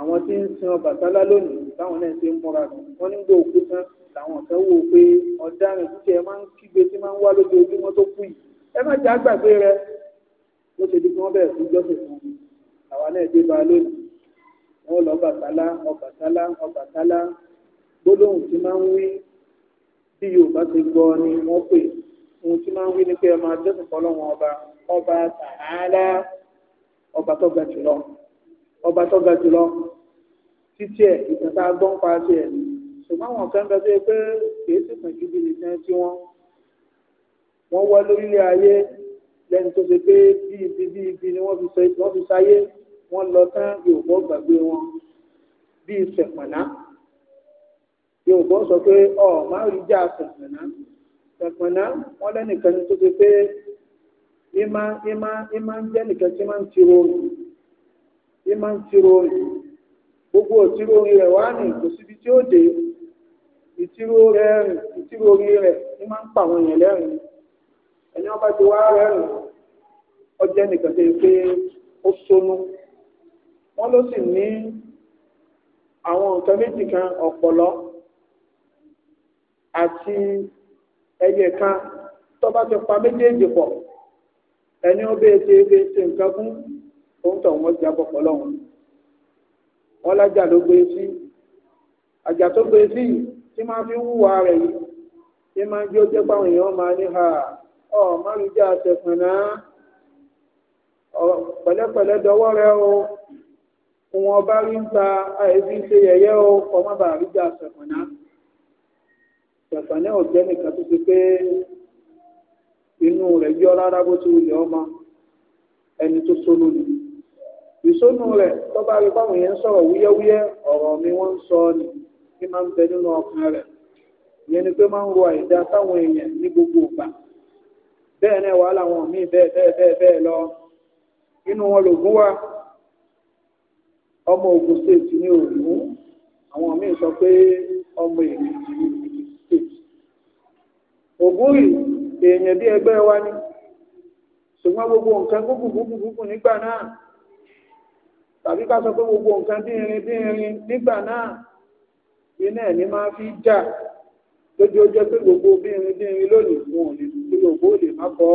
àwọn tí ń sin Ọbàtálá lónìí táwọn náà ṣe ń múra wọn nígbà òkú tán làwọn kan wò pé ọ̀daràn títí ẹ máa ń kígbe tí máa ń wá lójoojúmọ́ tó kú yìí ẹ má jà gbàgbé rẹ ló ṣe di kí wọ́n bẹ̀rẹ̀ sí jọ́sìn fún mi àwa náà dé bá a lónìí wọ́n lọ Ọbàtálá Ọbàtálá Ọbàtálá gbólóhùn tí máa ń wí bí Yorùbá ti gbọ́ ni wọ́n pè ohun tí máa ń wí ni pé ẹ máa jọ́sìn fún Ọlọ́run ọba ọba tààlà ọba tó ga jùlọ ọba tó ga jùlọ títí ẹ ìtàn tá a gbọ́ pa á sí ṣùgbọ́n àwọn kan bẹ tó yẹ pé kìí sì pín kíbi nìkan tí wọ́n wọ́n wá lórílẹ̀ ayé lẹ́nu tó ṣe pé bí ibi bí ibi ni wọ́n fi sáyé wọ́n lọ tán Yorùbá gbàgbé wọn bí ìṣẹ̀pọ̀nà Yorùbá sọ pé ọ̀ máa rí jà ṣẹ̀pọ̀nà ṣẹ̀pọ̀nà wọ́n lẹ́nìkan tó ṣe pé ìmá ìmá ìmá ń jẹ́ nìkan tí máa ń tiro ìmá ń tiro gbogbo òtiro rìn rẹ̀ wá ní kò síbi tí ó dé ìṣirò rẹ́rìn ìṣirò orí rẹ̀ ní máa ń pa àwọn èèyàn lẹ́rìn ẹni wọn bá ti wá rẹ́rìn ọjọ́ nìkan tó yẹ pé ó sọnù wọn ló sì ní àwọn nǹkan méjì kan ọ̀pọ̀lọ àti ẹyẹ kan tó bá ti pa méjèèjì pọ̀ ẹni ó bẹ́ẹ̀ ṣe bẹ́ẹ̀ ṣe nǹkan fún òun tó wọ́n ti abọ́pọ̀ lọ́wọ́ wọn lájà ló gbé sí àjà tó gbé sí yìí tí máa fi ń wúwa rẹ̀ yìí tí máa ń jẹ́ pa páwọn èèyàn máa ní ha ọ márùjá àtẹ̀kùn náà pẹ̀lẹ́pẹ̀lẹ́ dọwọ́ rẹ o wọn bá rí ń ta àìsí ṣe yẹ̀yẹ́ o ọmọ bá àríjà àtẹ̀kùn náà àtẹ̀kùn náà ò jẹ́ nìkan tó ti pé inú rẹ̀ yọ rárá bó ti wulẹ̀ ọmọ ẹni tó sólù ni ìsónú rẹ̀ tó bá rí fáwọn èèyàn sọ̀rọ̀ wúyẹ́wúyẹ́ ọ̀rọ̀ mi wọ́n ń sọ nìyí ní máa ń bẹ nínú ọkàn rẹ̀ ìyẹn ni pé máa ń wo àìdá sáwọn èèyàn ní gbogbo ìgbà bẹ́ẹ̀ náà wà láwọn míì bẹ́ẹ̀ bẹ́ẹ̀ bẹ́ẹ̀ bẹ́ẹ̀ lọ inú wọn lògùn wà ọmọ Ògùn state ní òòlù àwọn míì sọ pé ọmọ Èkìtì ní Èkìtì state Ògùn rì èèyàn bí ẹgbẹ́ wa ni ṣùgbọ́n gbogbo nǹkan gbogbogbogbogbò nígbà náà tàbí ká sọ pé gbogbo nǹkan bí irin bí irin nígbà náà iná ẹ̀ ní máa fi jà lójú ọjọ́ pé gbogbo bínrin bínrin lónìí wọn ò lè tí gbogbo ò lè má bọ́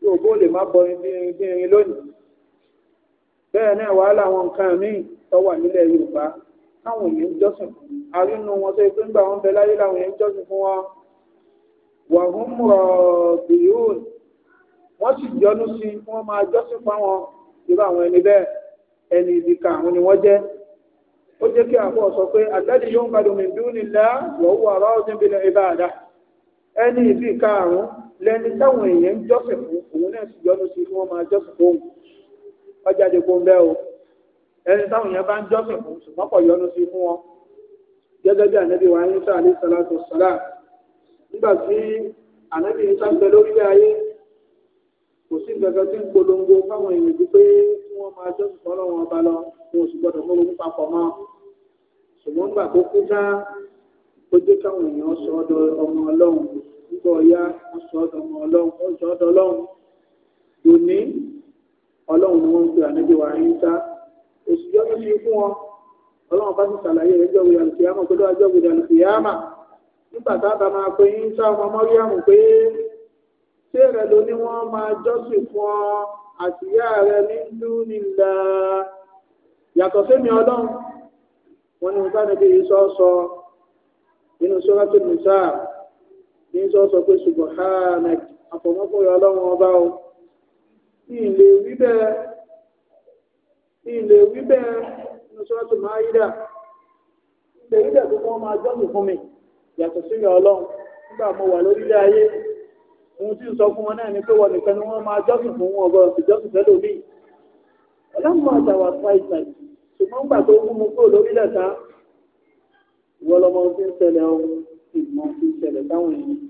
gbogbo ò lè má bọ́ bínrin bínrin lónìí bẹ́ẹ̀ náà wàhálà àwọn nǹkan míì tó wà nílẹ̀ Yorùbá káwọn èèyàn jọ́sìn fún àrínú wọn tó yẹ pé nígbà wọn bẹ láyé làwọn èèyàn jọ́sìn fún wọn wàhùn rọ̀ bìyún wọ́n sì yọnu sí wọ́n máa jọ́sìn fún àwọn irú àwọn ẹni bẹ́ẹ̀ ẹni ìdìkà àwọn ni wọ́n jẹ́ ó jẹ́ kí àpọ̀ sọ pé àtẹ́lì yóò ń gbàdùn min dunillah wa huwa radin bil ibadah ẹni ìbí karùn-ún lẹni táwọn èèyàn ń jọ́sìn fún òun náà sì yọnu sí kí wọ́n máa jọ́sìn fún òun ọjà àdìpọ̀ ń bẹ́ o ẹni táwọn èèyàn bá ń jọ́sìn fún ṣùgbọ́n kò yọnu sí fún wọn gẹ́gẹ́ bí ànábì wa ayé sáà ní sàlátù sàlá nígbà tí ànábì ń sáńtẹ lórílẹ̀ ayé kò sí gbẹgbẹ tí ń polongo fáwọn èèyàn bíi pé kí wọ́n máa jọ́sìn fún ọlọ́run ọba lọ wọn ò sì gbọ́dọ̀ mọ́ ṣùgbọ́n gbà tó kú dá ó jẹ́ káwọn èèyàn sọ ọ́dọ̀ ọmọ ọlọ́run nígbà ọ̀yá wọ́n sọ ọ́dọ̀ ọmọ ọlọ́run wọ́n sọ ọ́dọ̀ ọlọ́run lóní ọlọ́run ni wọ́n ń pè ànábì wa ń ta èsì yọ́ sí fún wọn ọlọ́run bá ti ṣàlàyé rẹ̀ jọ́ wíyà lùkìyàmọ̀ pẹ̀lú àjọ wíyà lùkìyàmọ̀ nígbà tá a bá máa pe ń sá ọmọ mọ́ríàmù pé ṣé rẹ̀ ló ní wọ́n máa jọ́sìn fún ọ àtìyá rẹ̀ ní dúnìlá yàtọ̀ sẹ́mi ọlọ́run wọ́n ní nípa níbi yìí sọ́ọ̀sọ́ nínú suratul nisa ní sọ́ọ̀sọ́ pé subhanak àfọ̀mọ́kùnrin ọlọ́run ọba o ilé wí bẹ́ẹ̀ ilé wí bẹ́ẹ̀ nínú suratul maida ilé wí bẹ́ẹ̀ tó kọ́ máa jọ́mù fún mi yàtọ̀ sí ìyá ọlọ́run nígbà mo wà lórílẹ̀ ayé ohun tí ń sọ fún wọn náà ni pé wọn nìkan ni wọ́n máa jọ́sìn fún wọn ọgbọ́n sì jọ́sìn fẹ́ ọlọ́run máa dà wá fáìtàì ṣùgbọ́n gbà tó mú mu kúrò lórílẹ̀ ta wọ́n lọ́mọ fi ń ṣẹlẹ̀ o ìmọ̀ fi ń ṣẹlẹ̀ táwọn èèyàn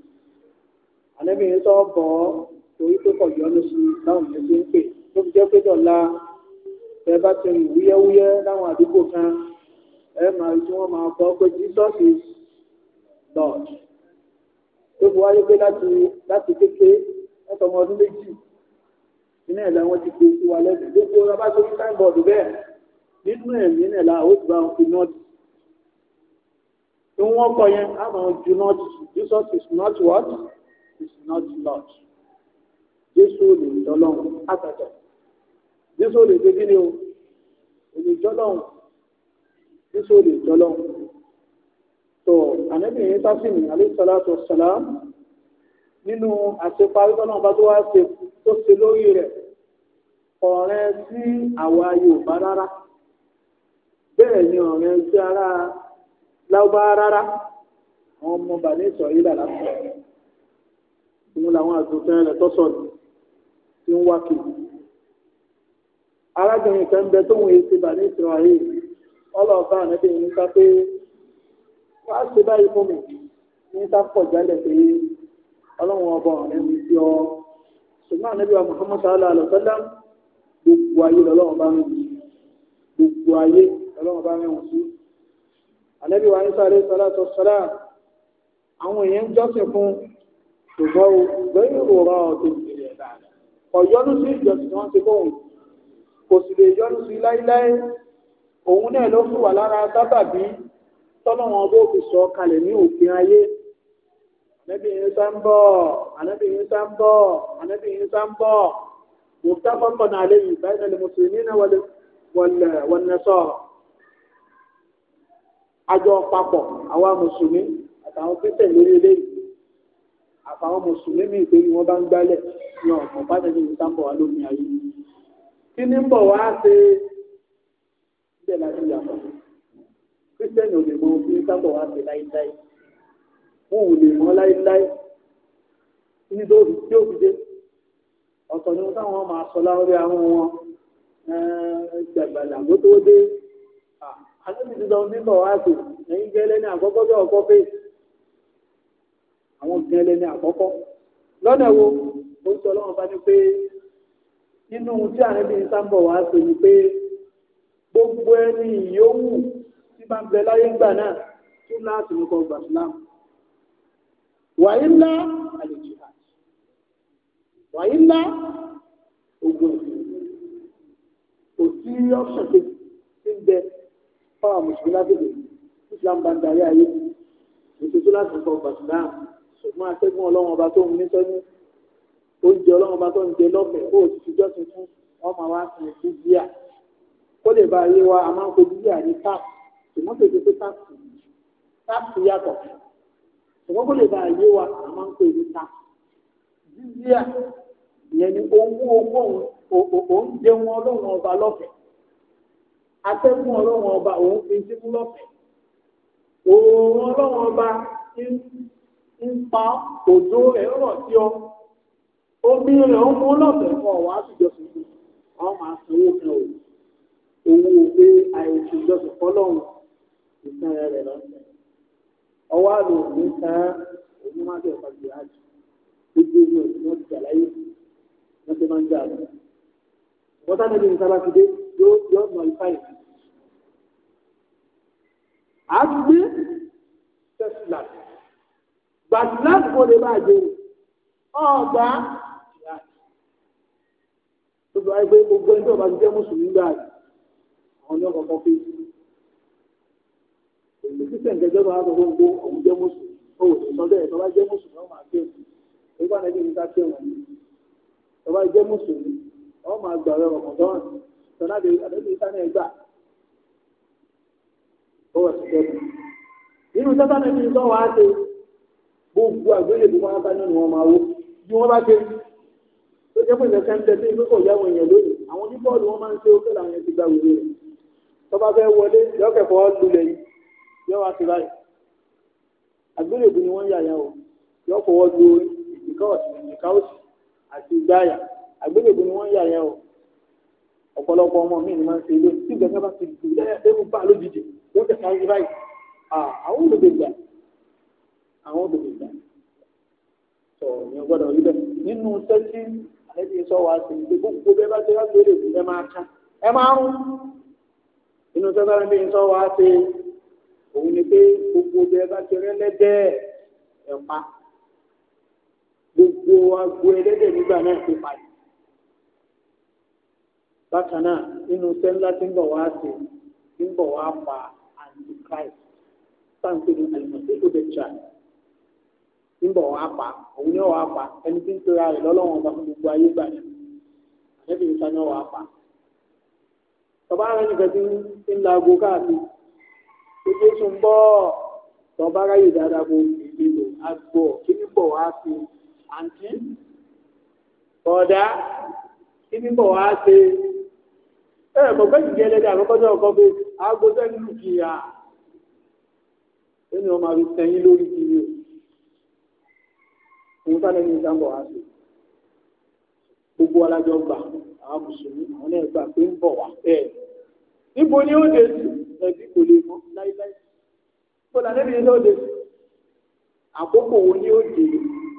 àlẹ́bí yẹn sọ bọ̀ ọ́ torí pé kọ̀ yọnu sí táwọn èèyàn ti ń pè tó fi jẹ́ pé dọ̀la ẹ bá ti rìn wúyẹ́wúyẹ́ láwọn àdúgbò kan ẹ máa tí wọ́n máa kọ́ pé Jesus is Lord tó fi wáyé pé láti láti kékeré lọ́sọ̀mọ ọdún méjì iná ẹ̀ làwọn ti gbé sí wa lẹ́sìn gbogbo ọba tó fi sáìbọ̀dù bẹ́ẹ̀ nínú ẹ̀mí náà la ó ti bá wọn fi nọ́ọ̀tì tí kọ yẹn á máa ju nọ́ọ̀tì Jesus is not what is not not. Jésù ò lè jọlọ́run àtàtà Jésù ò lè ṣe kí ni o ò lè jọlọ́run Jésù ò lè jọlọ́run tó ànábì yìí sásìmì alayhisalatu wassalam nínú àṣeparí tọ́lọ́run bá tó wá ṣe tó ṣe lórí rẹ̀ ọ̀rẹ́ sí àwa Yorùbá rárá bẹ́ẹ̀ ni ọ̀rẹ́ ń sí ara láwùbá rárá àwọn ọmọ bàálẹ̀ sọ̀rọ̀ yìí lára sọ̀rọ̀ òun làwọn àtúntàn rẹ̀ tọ́sọ̀ ní tí ń wá kiri arábìnrin kan bẹ tóun èsì bàálẹ̀ sọ̀rọ̀ yìí ọlọ́ọ̀bá ànábì ń sá pé wàá ṣe báyìí fún mi ní sáfọ̀ jálẹ̀ pé ọlọ́run ọba ọ̀rẹ́ mi fi ọ ṣùgbọ́n ànábì wa Muhammad sallallahu alaihi wa sallam gbogbo ayé lọ́lọ́run bá ń gbogbo ayé lọ́lọ́run bá rẹ̀ wọ́n sí ànábì wa Ìsá alayhi salatu wassalam àwọn èèyàn jọ́sìn fún ṣùgbọ́n gbẹ́yìn òrọ̀ tó ìbílẹ̀ dáadáa ọ̀yọ́nú sí ìjọsìn wọn ti bóun kò sì lè yọ́nú sí láíláí òun náà ló fún wa lára sábàbí tọ́nà wọn bó fi sọ kalẹ̀ ní òfin ayé ànábì Ìsá ń bọ̀ ànábì Ìsá ń bọ̀ ànábì Ìsá ń bọ̀ mùtáfọ́kọ̀ náà lè yìí báyìí náà lè mùsùlùmí náà wọlé wọlé sọ̀rọ̀ àjọ papọ̀ àwa mùsùlùmí àtàwọn pípẹ̀ lórí eléyìí àtàwọn mùsùlùmí mi ìpéyìí wọn bá ń gbálẹ̀ ní ọ̀pọ̀ pàtàkì ìta ń bọ̀ wá lómi ayé kí ni ń bọ̀ wá ṣe bẹ́ẹ̀ láti yàtọ̀ kírísítẹ́nì ò lè mọ bí ń sábọ̀ wá ṣe láíláí wọn ò lè mọ láíláí ní tó tí ó fi dé ọ̀tọ̀ ni táwọn máa sọ láwọn àwọn wọn ẹ̀ẹ́dẹ̀gbàlà bó tó dé alóbi ti sọ nígbà wá sí ẹ̀yin gẹ́lẹ́ ní àkọ́kọ́ bí ọkọ́ pé àwọn gẹ́lẹ́ ní àkọ́kọ́ lọ́nà wo ó sọ lọ́wọ́ bá ní pé nínú tí àwọn ẹbí sábọ̀ wá sí ni pé gbogbo ẹni ìyówù tí bá ń bẹ láyé ńgbà náà tó láti mú kọ gbà sílámù wàyí ńlá àlejò wàyí ńlá ogun òsì ọ̀sán ti ń bẹ fáwọn mùsùlùmí lágbègbè islam bá ń darí ayé ètùtù láti fọ gbàsùlám ṣùgbọ́n atẹ́gùn ọlọ́run ọba tó ń ní sẹ́nu oúnjẹ ọlọ́run ọba tó ń jẹ lọ́fẹ̀ẹ́ ó ti fi jọ́sìn fún wọn máa wá sí ẹ̀sìn díà kó lè bá ayé wa a máa ń kojú díà ní táàpù ṣùgbọ́n kò ti pé táàpù táàpù yàtọ̀ ṣùgbọ́n kó lè bá ayé wa a máa ń pè ní táàpù díà ìyẹn ni owó ogún òun jẹun ọlọ́run ọba lọ́fẹ̀ẹ́ atẹ́gùn ọlọ́wọ́n ọba òun fi sínú lọ́fẹ̀ẹ́ òòrùn ọlọ́wọ́n ọba ń pa òjò rẹ̀ rọ̀ sí ọ omi rẹ̀ ń mú lọ́fẹ̀ẹ́ fún ọ̀wá àtijọ́sìn fún ọ máa sanwó kan o owó pé àìsàn ìjọsìn fọlọ́run ìsan rẹ̀ lọ́sẹ̀ ọwọ́ àlò ní sàn òun má bẹ̀rẹ̀ pàdé àjò gbogbo ìgbà tí wọ́n ti jà láyé wọ́n ti máa ń jà lọ. wọ́n tá níbi ìsára ti dé yóò yọ ọ̀nà ìfà ìlú. a gbé tesla gbàdúrà kò lè bá jẹ ọgbà gbogbo ayé pé gbogbo ẹni tó bá ti jẹ́ mùsùlùmí gbà rẹ̀ àwọn ní ọkọ̀ kan fèsì èmi sísè ǹjẹ́jọ́ bá sọ fún gbogbo ọ̀hún jẹ́ mùsùlùmí ó wò sí sọ́dọ̀ ẹ̀ tó bá jẹ́ mùsùlùmí ọ̀hún máa fẹ́ òkú nígbà náà kí ni ká fẹ́ wọn ni tọ́lá bẹ àbẹ́bí sáré gbà ó wà síkẹ́ bí. nínú sátá náà fi sọ wàá ṣe gbogbo àgbélébù wọn bá nínú wọn máa wó bí wọn bá ṣe tó jẹ́ pé ìfẹ́ ń tẹ́tí pé kò yáwó èèyàn lónìí àwọn oníbọ́ọ̀lù wọn máa ń ṣe ókè làwọn yẹn ti gba wèrè rẹ̀ tọ́ba fẹ́ wọlé yọkẹ̀fọ́ lulẹ̀ yìí yọ wá sí báyìí àgbélébù ni wọ́n yà yà o yọ fọwọ́ lu ìdíkà ọ̀sìn ìdíkà ọ̀sìn àti ìgbáyà àgbélébù ni wọ́n yà yà o ọ̀pọ̀lọpọ̀ ọmọ mi ni máa ń ṣe ilé tí gbẹ̀gbẹ́ bá ti dùn lẹ́rù bá lójijì wọ́n ti sáré báyìí àwọn òdòdó gbà àwọn òdòdó gbà sọ ìyẹn gbọ́dọ̀ rí bẹ́ẹ̀ nínú sẹ́tí àlẹ́bí sọ wá sí ibi gbogbo bẹ́ẹ̀ bá ti rá lórí èkó ẹ máa ká ẹ máa rún inú sẹ́tí àlẹ́bí sọ wá sí òun ni pé gbogbo bẹ́ẹ̀ bá ti rẹ́ lẹ́dẹ́ ẹ̀ pa gbogbo agbo ẹlẹ́dẹ̀ nígbà náà ti pàdé bákan náà nínú iṣẹ́ ńlá tí ń bọ̀ wá sí tí ń bọ̀ wá pa antichrist sáǹpé ní alimọ̀síkò dẹ̀jà tí ń bọ̀ wá pa òun ni ó wá pa ẹni tí ń pera rẹ̀ lọ́lọ́wọ́n ọba fún gbogbo ayé gbà ní àtẹ́bí ìta ni ó wá pa. bàbá rẹ̀ nìkan ti ń la aago káàkiri pé jésù ń bọ̀ tọ́ba ráyè dáadáa kó ìdìbò àgbọ̀ kí ní bọ̀ wá sí àǹtí bọ̀dá kí ní bọ̀ wá sí ẹ mọ̀ pé jìjẹ́ ẹlẹ́dẹ̀ àkọ́kọ́jọ́ ọkọ pé aago sẹ́ni lù kì ẹni ọmọ àrùn sẹ́yìn lórí kiri o òun sáré ní ìdáǹbọ̀ wá sí gbogbo alájọ gbà àwọn mùsùlùmí àwọn náà gbà pé ń bọ̀ wá bẹ́ẹ̀ níbo ni ó dé sí ẹbí kò lè mọ láíláí kó làdé mi ló dé sí àkókò wo ni ó dé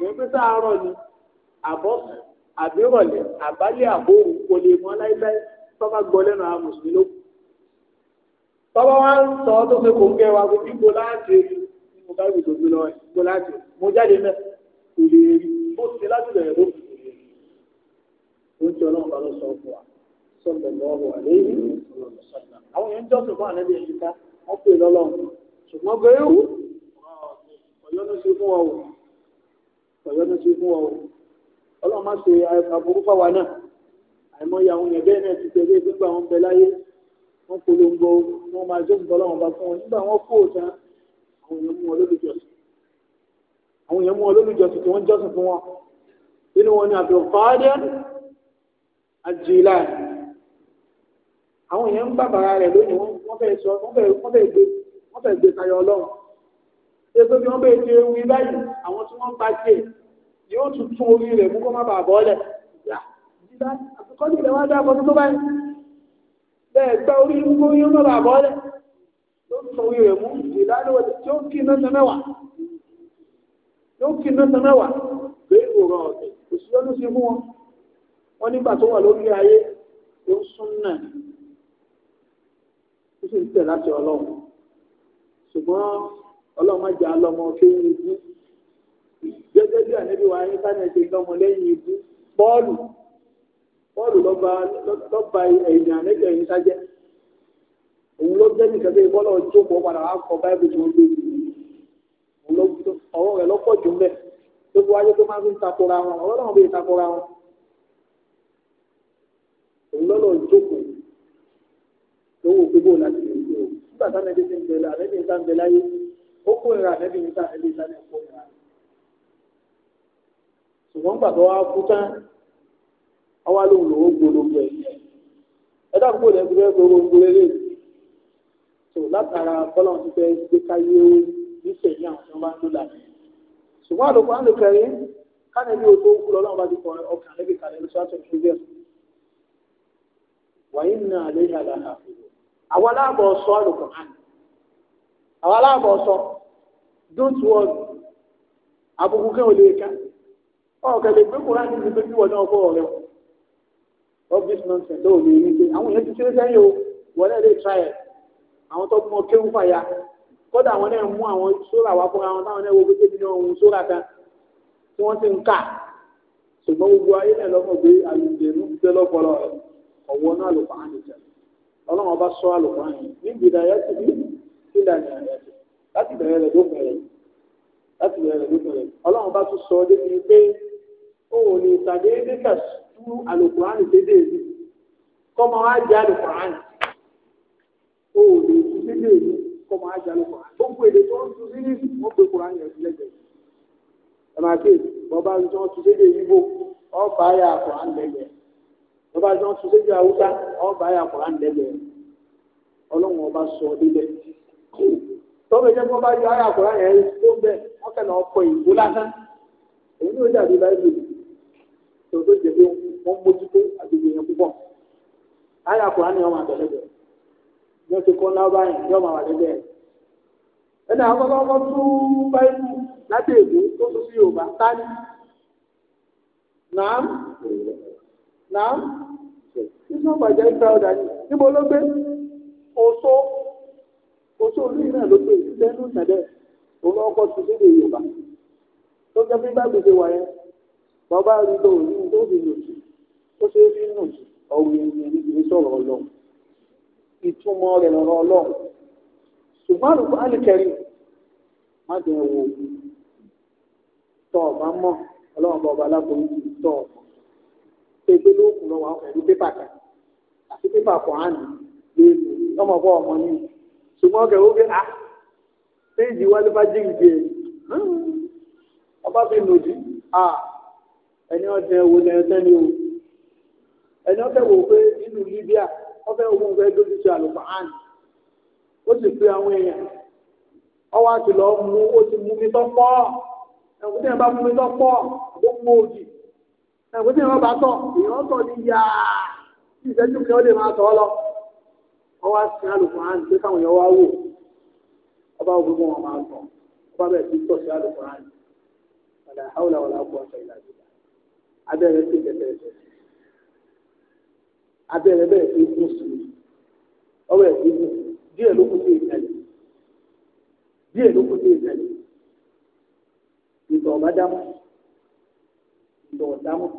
ẹgbẹ́ sáárọ̀ ni àbọ̀ àbírọ̀lẹ̀ àbálẹ̀ àbóhùn kò lè mọ láíláí tọ́ba gbọ́ lẹ́nu àwọn mùsùlùmí ló tọ́ba wa ń sọ tó fẹ́ kó ń kẹ́ wa kó bí mo láti rí mo bá rí ìdòdó lọ mo láti rí mo jáde mẹ́ kò lè rí mo ti láti bẹ̀rẹ̀ ló fi lè rí o ń tí ọlọ́run bá lọ sọ fún wa sọ̀rọ̀ lọ́wọ́ àléyìn àwọn èèyàn jọ́sìn fún àlẹ́ bí ẹ̀yìn ká wọ́n pè lọ́lọ́run ṣùgbọ́n bẹ́ẹ̀ wù ọ̀yọ́nú sí fún ọ ọ̀yọ́nú sí fún ọ ọlọ́run má ṣe àbúrú àìmọye àwọn yẹn bẹ́ẹ̀ náà ti tẹ̀lé gbígbà wọn bẹ láyé wọn polongo wọn máa jó nǹkan lọ́wọ́ bá fún wọn nígbà wọn kú òòtá àwọn èèyàn mú wọn lólùjọsìn àwọn èèyàn mú wọn lólùjọsìn tí wọ́n jọ́sìn fún wọn nínú wọn ni Abdulkadir Al-Jilani àwọn èèyàn ń bàbàrà rẹ̀ lónìí wọ́n fẹ́ẹ́ sọ wọ́n fẹ́ẹ́ gbé wọ́n fẹ́ẹ́ gbé tayọ ọlọ́run ṣé tó bí wọ́n bẹ́ẹ̀ ṣe wí báyìí àwọn tí wọ́n ń bá tiẹ̀ yóò tún tún orí rẹ̀ mú kó má bàa bọ́ lẹ̀ àkọ́kọ́ ní ìlẹ̀ wá dá ọkọ̀ tó báyìí bẹ́ẹ̀ gbá orí gbogbo yín náà bàbọ̀ lẹ̀ ló ń sọ orí rẹ̀ mú ìdánilọ́wọ́ tí ó ń kí iná tan mẹ́wàá tí ó ń kí iná tan mẹ́wàá pé ìwòrán ọ̀gbìn kò sí lọ́dún sí fún wọn wọn nígbà tó wà lórí ayé ó ń sún náà ó sì ń tẹ̀ láti ọlọ́run ṣùgbọ́n ọlọ́run má jẹ́ alọ́mọ kéwìn ibú gẹ́gẹ́ bí ànẹ́bí wa ayé sáré bọ́ọ̀lù bọ́ọ̀lù lọ́ba ẹ̀yìn àlẹ́jọ́ ẹ̀yìn sájẹ́ òun ló jẹ́ nìkan tó yẹ bọ́ọ̀lù ọjọ́kọ̀ padà wá kọ báyìí tí wọ́n gbé jù ọ̀rọ̀ rẹ̀ lọ́pọ̀ jù mẹ́ tó fi wáyé tó máa fi ń takora wọn ọ̀rọ̀ náà bí takora wọn òun lọ́lọ́ ọjọ́kọ̀ lówó pé bó láti lè gbé o nígbà táwọn ẹbí ti ń bẹ̀rẹ̀ àlẹ́bí ń sá ń bẹ láyé ó kó ìrà àlẹ́bí ń sá àlẹ́bí ń sá ní ọ̀pọ̀ ìrà ṣùgbọ́n gbàgbọ́ wa kú tán ọwọ́ lóhùn lòó gbólógbó ẹ̀ ẹ dábòbò lẹ́yìn tó fẹ́ gbólógbó lélẹ̀ tó látara bọ́lá wọn ti fẹ́ gbé káyé níṣẹ̀yìn àwọn tí wọ́n bá ń lò àlòkù àlò kẹrin káni bá ti kọ ọkàn wàyí nà àwọn sọ àlòkù àná àwọn sọ don't worry àbùkù lè ká lè gbé náà obvious nonsense ó lè rí i pé àwọn èèyàn ti kéré sẹ́yìn o wọlé lè try ẹ̀ àwọn tó mọ kéwú fàyà kódà àwọn náà mú àwọn sóra wá fúnra wọn táwọn náà wo pété nínú ohun sóra kan tí wọ́n ti ń kà ṣùgbọ́n gbogbo ayé náà lọ́mọ pé àlùjẹ̀nu ń tẹ́ lọ́pọ̀lọ́ rẹ̀ ọ̀wọ́ náà lò fún àlùjẹ̀ ọlọ́run ọba sọ àlùkò àyìn níbi ìdáyà ti bí sílẹ̀ ní àyà ti láti bẹ̀rẹ̀ rẹ̀ lópin rẹ̀ láti bẹ̀rẹ̀ rẹ̀ lópin rẹ̀ ọlọ́run ọba tún sọ ọ́ débi pé ó ò lè tàdé dékàsì tú àlùkùránì dédé mi kọ́mọ á jẹ́ àlùkùránì o ò lè tú dédé mi kọ́mọ á jẹ́ àlùkùránì gbogbo èdè tó ń tu sílẹ̀ wọ́n pe kùránì rẹ̀ sílẹ̀ jẹ̀ ẹ̀ma pé bọ́bá ń tún tu dédé yìí bò ọ́ bá yà kùránì lẹ́gbẹ̀ẹ́ bọ́bá ń tún tu dédé haúsá ọ́ bá yà kùránì lẹ́gbẹ̀ẹ́ ọlọ́run ọba sọ níbẹ̀ tọ́wọ́ ìjẹ́ bọ́bá yọ ayà kùránì rẹ̀ tó bẹ́ẹ̀ wọ́n kẹ́ tòótọ́ jẹ pé wọ́n mójútó agbègbè yẹn púpọ̀ ayé àkùrá ni wọ́n máa tẹ̀lé bẹ̀ yóò ti kọ́ náà báyìí yóò máa wà lẹ́gbẹ̀ ẹ̀ ẹni àwọn kọ́kọ́ tú báyìí láti èdè tó tún sí Yorùbá tání nàám nàám nínú ọgbàjà ìgbà ọ̀dà ni níbo ló gbé oṣó oṣó olú yìí náà ló gbé lẹ́nu ìtàdẹ́ òun ọkọ̀ tuntun ní Yorùbá tó jẹ́ bí bá gbèsè wà yẹn. bàbá rí lọ tó lò ó ṣe sọ̀rọ̀ ọlọ́run ìtumọ̀ rẹ̀ lọ́rọ̀ ọlọ́run ṣùgbọ́n àlùkò má jẹ́ wo tọ́ ọ̀ bá mọ̀ ọba aláboyún tọ́ ọ̀ ṣe pé lóògùn lọ́wọ́ àwọn pẹ̀lú pépà kan àti pépà kan á nì léèrè ọmọ ọmọ ní ṣùgbọ́n ó gé a péjì bá ẹni ọdẹ wo lẹ́ẹ̀tẹ́ ni o ẹni ọfẹ́ wò pé nínú Libya ọfẹ́ wo ń fẹ́ dójú sí àlùfáàn ó sì fi àwọn èèyàn àti mú ó ti mú mi bá mú mi ó mú òjì bá bá èèyàn ní tí ó lè máa lọ àti àlùfáàn pé káwọn èèyàn wá wò ọba wọn máa ọba abẹ́rẹ́ sì bẹ̀rẹ̀ ẹ̀jẹ̀ abẹ́rẹ́ bẹ̀rẹ̀ sí kú sí i ọwọ́ ẹ̀ sí kú díẹ̀ ló kú sí ìtẹ̀lẹ̀ díẹ̀ ló kú sí ìtẹ̀lẹ̀ ìtọ̀ ọ̀bá dámọ̀ ìtọ̀ ọ̀dámọ̀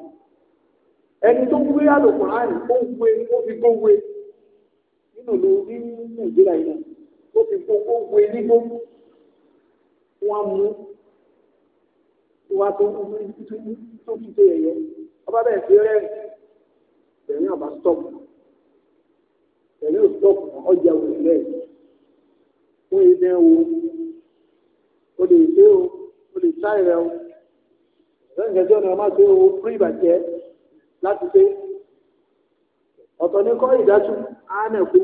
ẹni tó gbé àlòkùn láàrin ó gbé ó fi gbówé nínú ìlú ní Nàìjíríà yìí ó fi gbówé ní gbó wọn mú wá tó tó fi ṣe yẹ̀yẹ́ ọba bẹ́ẹ̀ fi rẹ́ bẹ̀rẹ̀ ọba stọ́ọ̀pù bẹ̀rẹ̀ stọ́ọ̀pù ọjà òun bẹ́ẹ̀ fún ilé wo o lè dé o o lè sáré rẹ o lẹ́yìn kẹjọ ni ọmọ àti o fún ìbàjẹ́ láti dé ọ̀tọ̀ ní kọ́ ìdájú ánẹ̀kú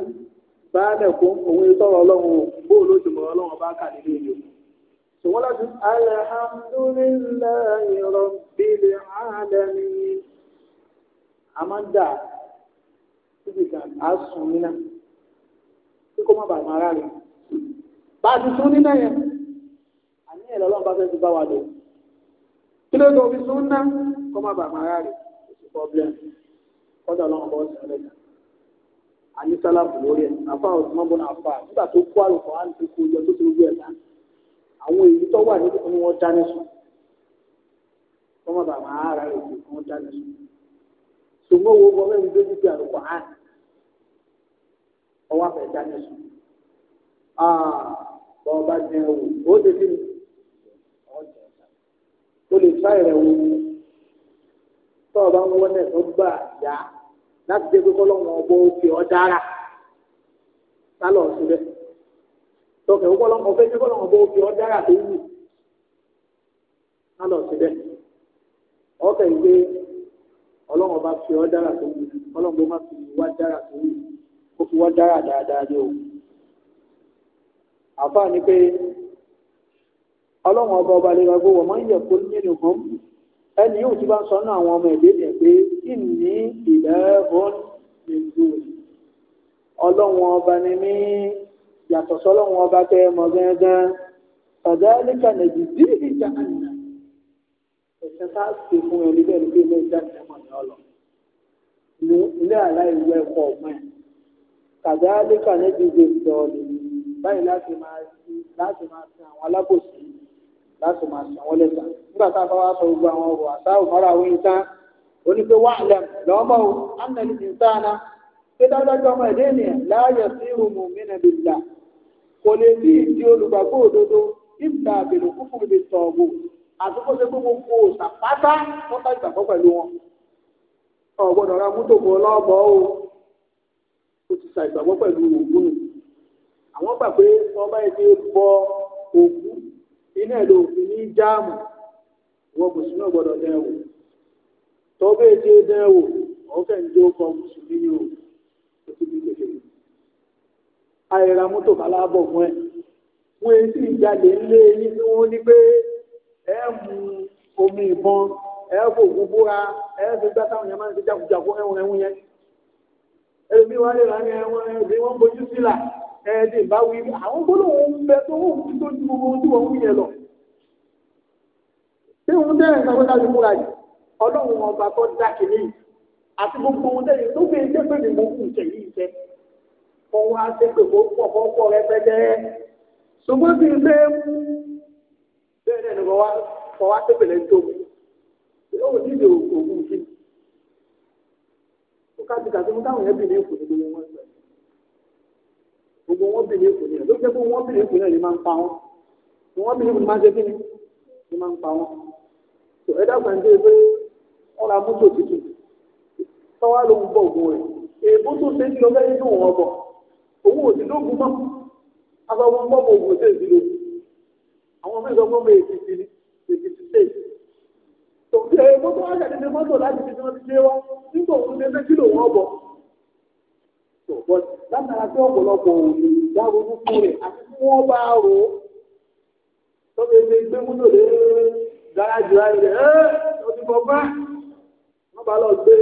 bá ánẹ̀kú òun ìtọ́rọ̀ ọlọ́run o bóòlù òjòmọ̀ ọlọ́run bá kà nínú ìlú wọ́n láti alhamdulillahi rabbil alamin a máa ń dà síbi kan á sùn nínà kí kó má bàa máa rà rẹ̀ bá a ti sún nínà yẹn àní ẹ̀ lọ́lọ́run bá fẹ́ ti bá wa lò kí ló tó fi sún ná kó má bàa máa rà rẹ̀ kò sí pọ́blẹ́m kọ́dà ọlọ́run bọ́ sí ọ̀rẹ́ kan àní sálàbù lórí ẹ̀ àfa ọ̀sùn mọ́bọ́n àfa nígbà tó kó àlùkò á ń ti kú ọjọ́ tó ti rú ẹ̀ dáná àwọn èyí tó wà níbi tí wọ́n dání sùn wọ́n má bàa máa ara rẹ̀ kí wọ́n dání sùn ṣùgbọ́n wo wọ́n mẹ́rin dójú bí àlùkò á ọwọ́ àfẹ́ dání sùn bọ́ ọba jẹ ẹ̀wò ó lè fi o lè fa ẹ̀rẹ̀ wò tọ́ ọba ń wọ́n tó gbà yá láti dé pé kọ́lọ́wọ́n ọgbọ́n ó fi ọ́ dára sálọ̀ sílẹ̀ tọkẹ̀ ó kọ́lọ́ ọ̀fẹ́ jẹ́ kọ́lọ́ ọ̀bọ òfin ọ̀dára tó wù lálọ́ síbẹ̀ ọkẹ̀ gbé ọlọ́run ọba fi ọ̀dára tó wù ọlọ́run ọba fi wá dára tó wù ó fi wá dára dáadáa ní o àfáà ni pé ọlọ́run ọba ọba lè ra gbówó máa ń yẹ kó nínú kan ẹni yóò ti bá ń sọ náà àwọn ọmọ ẹ̀dẹ́ yẹn pé kí ni ìlẹ́ ọ̀hún nìlú ọlọ́run ọba ni mí yàtọ̀ sọ́lọ́run ọba tẹ́ ẹ mọ̀ gángan fàdáníkà nàìjí dídì ìjà àná ẹ̀sẹ̀ ká ṣe fún ẹ níbẹ̀ ní pé ilé ìjà ìjàmọ̀ ni ọlọ ní ilé aláìwé ẹ̀kọ́ ọ̀gbọ́n ẹ̀ fàdáníkà nàìjí dídì ìjà ọ̀lẹ̀ báyìí láti máa láti máa sin àwọn alábòsí láti máa sin àwọn lẹ́sà nígbà tá a bá wá sọ gbogbo àwọn ọ̀rọ̀ àṣà òmọ́ra àwọn ìtàn onípe wàhálà lọ́mọ́ o ánàlì ìtàn náà pé dájọ́jọ́ ọmọ ẹ̀dẹ́ ènìyàn láàyè sí ìhùmù mí kò lè rí ìdí olùgbàgbọ́ òdodo ìgbà àbẹ̀rẹ̀ kúkú lè tọ̀ ọ̀gbọ̀ àtúkọ́ ṣe pé gbogbo òòsà pátá wọ́n bá ìgbàgbọ́ pẹ̀lú wọn. ọ̀gbọ́dọ̀ ra mútò kan lọ́ọ̀bọ̀ o ó ti sa ìgbàgbọ́ pẹ̀lú òògùn nù. àwọn gbà pé wọ́n bá ti bọ òògùn iná ẹ̀dọ òfin ní jáàmù wọ́n kò sínú ọ̀gbọ́dọ̀ dẹ́ wò. tọ́gbẹ́ ti dẹ́ wò ọ̀fẹ́ ń jó kọ mùsùlùmí o ó ti bí kékeré àìra mọ́tò kalábọ̀ fún ẹ wọn èsì ìjàlè ńlé yín tí wọn ní pé ẹ mú omi ìbọn ẹ fò gbogbo ra ẹ fi gbá táwọn yẹn máa ń ṣe jákujàku ẹwọn ẹwọn yẹn ẹlòmí wa lè ra ní ẹwọn ẹbí wọn bójú sílà ẹ ti bá wí àwọn gbólóhùn ń bẹ tó wọn kú tó ju gbogbo ojú wọn wúyẹ lọ tí wọn ń sọ pé káàdì múra yìí ọlọ́run ọba tó dákìlì àti gbogbo ohun tẹ́lẹ̀ tó fi ń tẹ́fẹ́ mi tẹ̀yìn tẹ́ kọ́ wá sépè kó pọ̀ kọ́ pọ̀ rẹpẹtẹ ṣùgbọ́n kí n bẹ́ẹ̀ mú bẹ́ẹ̀ náà ni wọ́n wá kọ́ wá sépè lẹ́yìn tó yóò nílò òògùn kí ni ó kásìkásí mú táwọn yẹn bì ní èkó ní gbogbo wọn sọ gbogbo wọn bì ní èkó ní ẹ ló jẹ́ pé wọ́n bì ní èkó náà ni máa ń pa wọn wọ́n bì ní èkó ni máa ń ṣe kí ni ni máa ń pa wọn tó ẹ dàgbà ń dé pé wọ́n ra mọ́tò tuntun tọ́wá ló ń bọ̀ ògùn owó òsì ló gùn mọ́ abáwọn ọmọ ọmọ òwò ṣe ìdílé àwọn mẹ́sàn ọmọ ọmọ èkìtì ní èkìtì state tòun ti ẹ̀yẹ mọ́tò wájà nínú mọ́tò láti fi wọn ti lé wá nígbà òun lé méjì lòun ọbọ látara tí ọ̀pọ̀lọpọ̀ òòlù dáwọ́nú fún rẹ̀ àti tí wọ́n bá rò ó tọ́bẹ̀ ilé gbé múlò lé gáràjì wa rẹ̀ ẹ́ ọdún bọ́bá wọ́n bá lọ gbé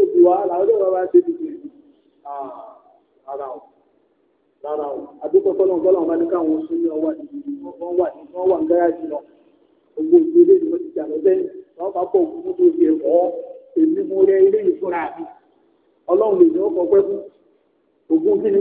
òbí wa làwọn ọdún bàbá ṣe dìde ara ọ̀. laara o àdúgbò kọ́lọ̀ kọ́lọ̀ wọn bá ní káwọn oṣù ní ọwọ́ àti wọn wà ní wọn wà ń lọ gbogbo ilé ni ti jà lọ́sẹ̀ wọn bá pọ̀ òkú èmi mo rẹ ilé yìí fúnra mi ọlọ́run lè ní kọ pẹ́ fún kí ni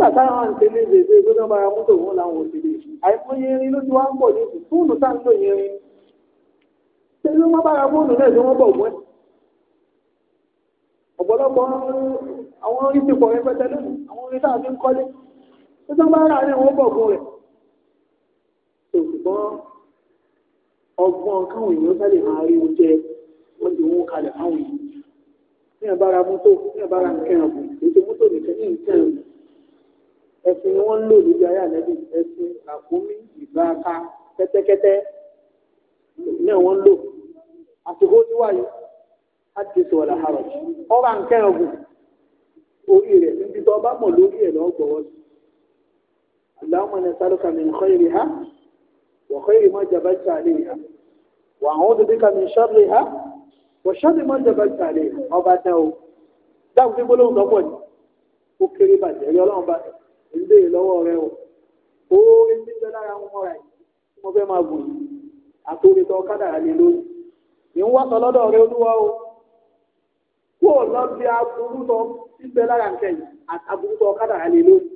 nígbà táwọn àǹtí ní ìgbésẹ̀ tó náà bára mọ́tò wọn làwọn ò sì lè lójú wa ń bọ̀ ní ìsìn fóònù tá ń lò irin ṣé ló má bára fóònù náà ṣe wọ́n bọ̀ wọ́n ọ̀pọ̀lọpọ̀ àwọn orin ti pọ̀ rẹpẹtẹ àwọn orin táà fi ń kọ́lé tó tó bá rà ní bọ̀ fún rẹ̀ ṣùgbọ́n ọgbọ́n káwọn èèyàn sáré máa rí oúnjẹ oúnjẹ wọn kalẹ̀ fáwọn èèyàn ní ẹ̀sìn ni wọ́n ń lò lórí ayé ànẹ́bí ẹ̀sìn àkómi ìbáka kẹ́tẹ́kẹ́tẹ́ náà wọ́n ń lò àsìkò tí wáyé láti sọ ọ̀là àrọ̀ ọba nǹkan ọ̀gùn orí rẹ̀ níbi tó ọba mọ̀ lórí ẹ̀ lọ́wọ́ gbọ́wọ́ sí aláwọ̀ ẹni sálùkà mi nǹkan ìrì ha wọ̀kọ́ ìrì mọ́ jàbá ìta àlè ha wà àwọn òdòdó kà mí ha wọ̀ sọ́ọ̀lì mọ́ jàbá ìta ọba náà o dáhùn sí gbólóhùn ni ó kéré bàjẹ́ rí ọlọ́run bá ìdílé lọ́wọ́ rẹ o ó rí ní bẹ lára wọn mọ́ra yìí tí mo fẹ́ máa gùn àtòrí tọ́ kádàrá lé lórí ní ń wáṣọ lọ́dọ̀ rẹ olúwa o kó o lọ bí aburú tọ síbẹ̀ lára nǹkan yìí àtàbùrú tọ kádàrá lé lórí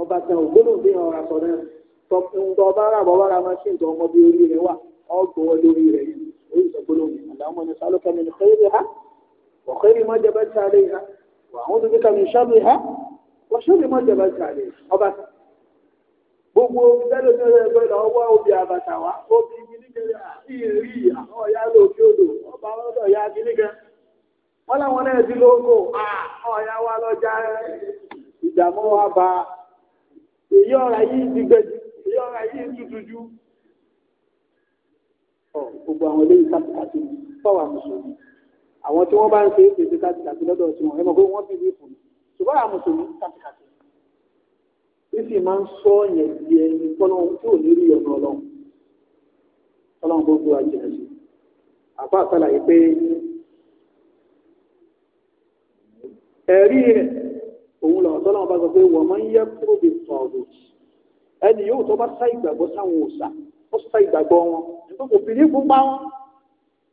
ọba tẹ ò gbọ́dọ̀ bí ọ̀rọ̀ àṣọ náà tọ́ ọba rà bọ́ bára máa ṣe ìtọ́ ọmọ bí orí rẹ wà ọgbọ̀ lórí rẹ yìí orí ìṣọ̀gbọ́dọ̀ mi àlàmọ́ ni sálọ́kẹ́ mi ní kẹ́rì ha wọ́n kẹ́rì má jẹ́ bẹ́ẹ̀ sáré ha wọ́n àwọn tó wọ́ṣọ́ lè mọ́ ìjọba ìsàlẹ̀ ọba gbogbo tẹ́lẹ̀ ní ẹgbẹ́ lọ wá obì àbàtà wá obì gíníkẹrẹ ìrí àwọn ọ̀yá lòkè odò ọba ọlọ́dọ̀ ya gíníkẹ wọ́n láwọn náà ti lóko ọ̀yá wa lọ́jà ìdààmú wa ba èyí ọ̀rá yìí ti gbẹ̀jú èyí ọ̀rá yìí tutù ju gbogbo àwọn eléyìí kátìkátì fọwọ́ àmùsùn àwọn tí wọ́n bá ń ṣe é pèsè kátìkátì lọ́dọ̀ tí wọ́n ẹ mọ̀ pé wọ́n fi ní ìfòmù ṣùgbọ́n àwọn mùsùlùmí kàtìkàtì fífi máa ń sọ yẹn di ẹni tọ́lọ́hún tí ò ní rí ọ̀nà ọlọ́run tọ́lọ́hún gbogbo àjẹyàn sí àpá àtàlàyé pé ẹ̀rí rẹ̀ òun lọ tọ́lọ́hún bá sọ pé wọ́n máa ń yẹ kúrò bí tọ́ọ̀bù ẹni yóò tó bá sá ìgbàgbọ́ sáwọn òòṣà ó sá ìgbàgbọ́ wọn nígbà kò bìrì fún bá wọn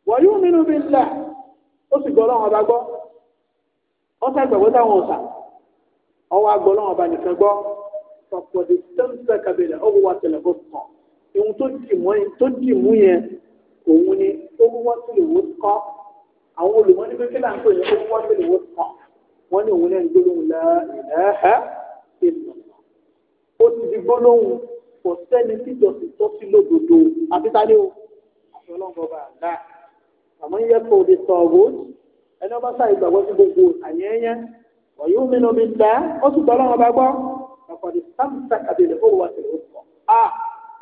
wọ́n yóò nínú bí ńlá ó sì gbọ́ ọlọ́run ọba gbọ́ ó sá ìgbàgbọ́ sáwọn òòṣà ọwọ́ agbọ́ lọ́wọ́ ọba nìkan gbọ́ pọ̀pọ̀dé tẹ́ǹtẹ́ kabẹ̀lẹ̀ ọwọ́ wa tẹ̀lẹ̀ kó kàn ìhun tó dì mú yẹn òun ni ọwọ́ wa tẹ̀lẹ̀ wó kọ́ àwọn olùmọ́ ní pẹ́kẹ́ là ń pè ní ọwọ́ wa tẹ̀lẹ̀ wó kàn wọ́n ní òun náà ń gbólóhùn la ilaha illallah ó ti di gbólóhùn kò sẹ́ni tíjọ́sí tó sí lódodo àbítálé o àti ọlọ́run ọba àlá àmọ́ yẹ kó o lè sọ ọ̀rọ̀ ẹni ọba sáà ìgbàgbọ́ sí gbogbo àyẹ́yẹ́ wọ̀nyí omi ní omi dá ó sì tọ́ lọ́wọ́ bá gbọ́ ọ̀pọ̀dé sáǹtà kàbílẹ̀ ó wà tẹ̀lé ó sọ a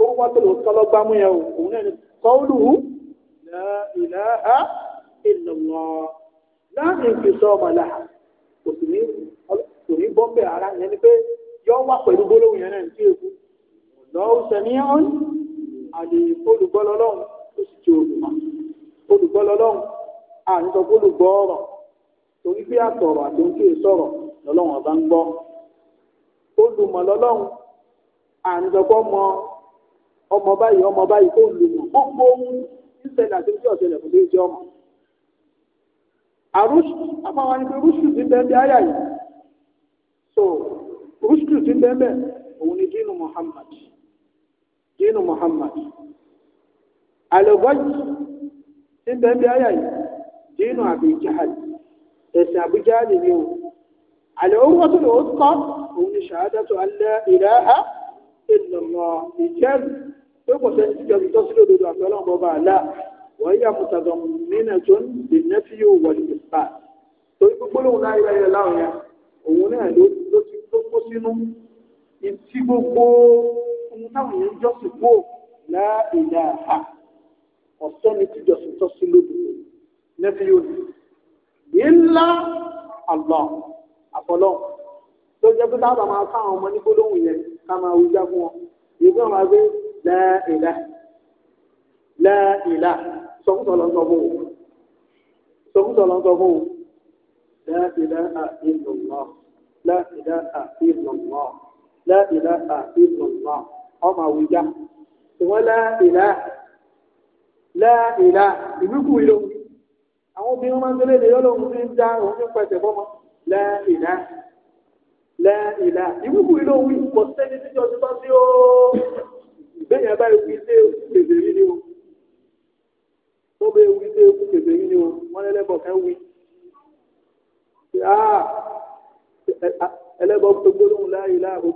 ó wà tẹ̀lé ó sọ lọ́gbà mú yẹn o òun náà ni kọ́ọ̀lù la ilaha illallah láàrin fi sọ ọmọ kò sì ní kò ní bọ́ bẹ́ẹ̀ ara yẹn ni pé yọ wà pẹ̀lú gbólóhùn yẹn náà ní tí èkó sẹ́ni ọ́n àlè olùgbọ́lọ́lọ́hùn ó sì ti olùmọ̀ olùgbọ́lọ́lọ́hùn à ń sọ olùgbọ́ ọ̀rọ̀ torí pé àtọ̀rọ̀ àti ohun tí ì sọ̀rọ̀ lọ́lọ́run ọba ń gbọ́ olùmọ̀ lọ́lọ́run àǹdọ̀gbọ́ mọ ọmọ báyìí ọmọ báyìí kó lùmọ̀ gbogbo ohun ìṣẹ̀lẹ̀ àti ojú ọ̀ṣẹ̀lẹ̀ kò lè ọmọ. àrùsù àmọ́ wọn ni pé rúṣù ti bẹ́ẹ̀ bí àyà yìí so rúṣù ti bẹ́ẹ̀ bẹ́ẹ̀ òun ni dínú Muhammad dínú Muhammad àlọ́gbọ́jì ti bẹ́ẹ̀ bí àyà yìí dínú Abi Jahal ẹ̀sìn àbújá lè ní o àlẹ́ owó tó lò ó kọ́ òun ni ṣàádọ́tò alẹ́ ìlà á ìlànà ìjẹ́rù pé kò sẹ́ni tí jẹ́rù tó sílẹ̀ òdodo àti ọlọ́run bọ́ba àlá wọ́n yà mùtàdọ̀ mílíọ̀nù tó ń lè nẹ́tí yóò wọlé ìpà torí gbólóhùn náà yẹ yẹ láwọn yẹn òun náà ló ti kó sínú ìtí gbogbo ohun táwọn yẹn ń jọ́sìn kó láìláà ọ̀sẹ́ni tí jọ́sìn tó sílẹ̀ òdodo nẹ́tí yóò ńlá àlọ́ àfọlọ́ tó jẹ́ pé táwọn máa ká àwọn ọmọ ní gbólóhùn yẹn ká máa wújá fún wọn èyí tó máa gbé lẹ́ẹ̀lá lẹ́ẹ̀lá sọkúsọ lọ sọ fún wọn sọkúsọ lọ sọ fún wọn lẹ́ẹ̀lá àìlùmọ́ lẹ́ẹ̀lá àìlùmọ́ lẹ́ẹ̀lá àìlùmọ́ ọmọ àwùjá ìwọ́n lẹ́ẹ̀lá lẹ́ẹ̀lá ìbíkú ìlóhùn àwọn obìnrin máa ń délé lè yọ́lọ́ òun ti ń já òun ti pẹ̀sẹ̀ fọ́mọ lẹ́ẹ̀lá lẹ́ẹ̀lá ìwúkú ilé òun kò sẹ́ni tíjọ́ ti tọ́ sí ooo ìgbéyàn bá ewu ilé kèfè yìí ni o tó bẹ ewu ilé kèfè yìí ni o wọ́n lẹ́lẹ́bọ̀ kẹ́ wí. ẹlẹ́bọ̀ gbólóhùn láàyè láàbò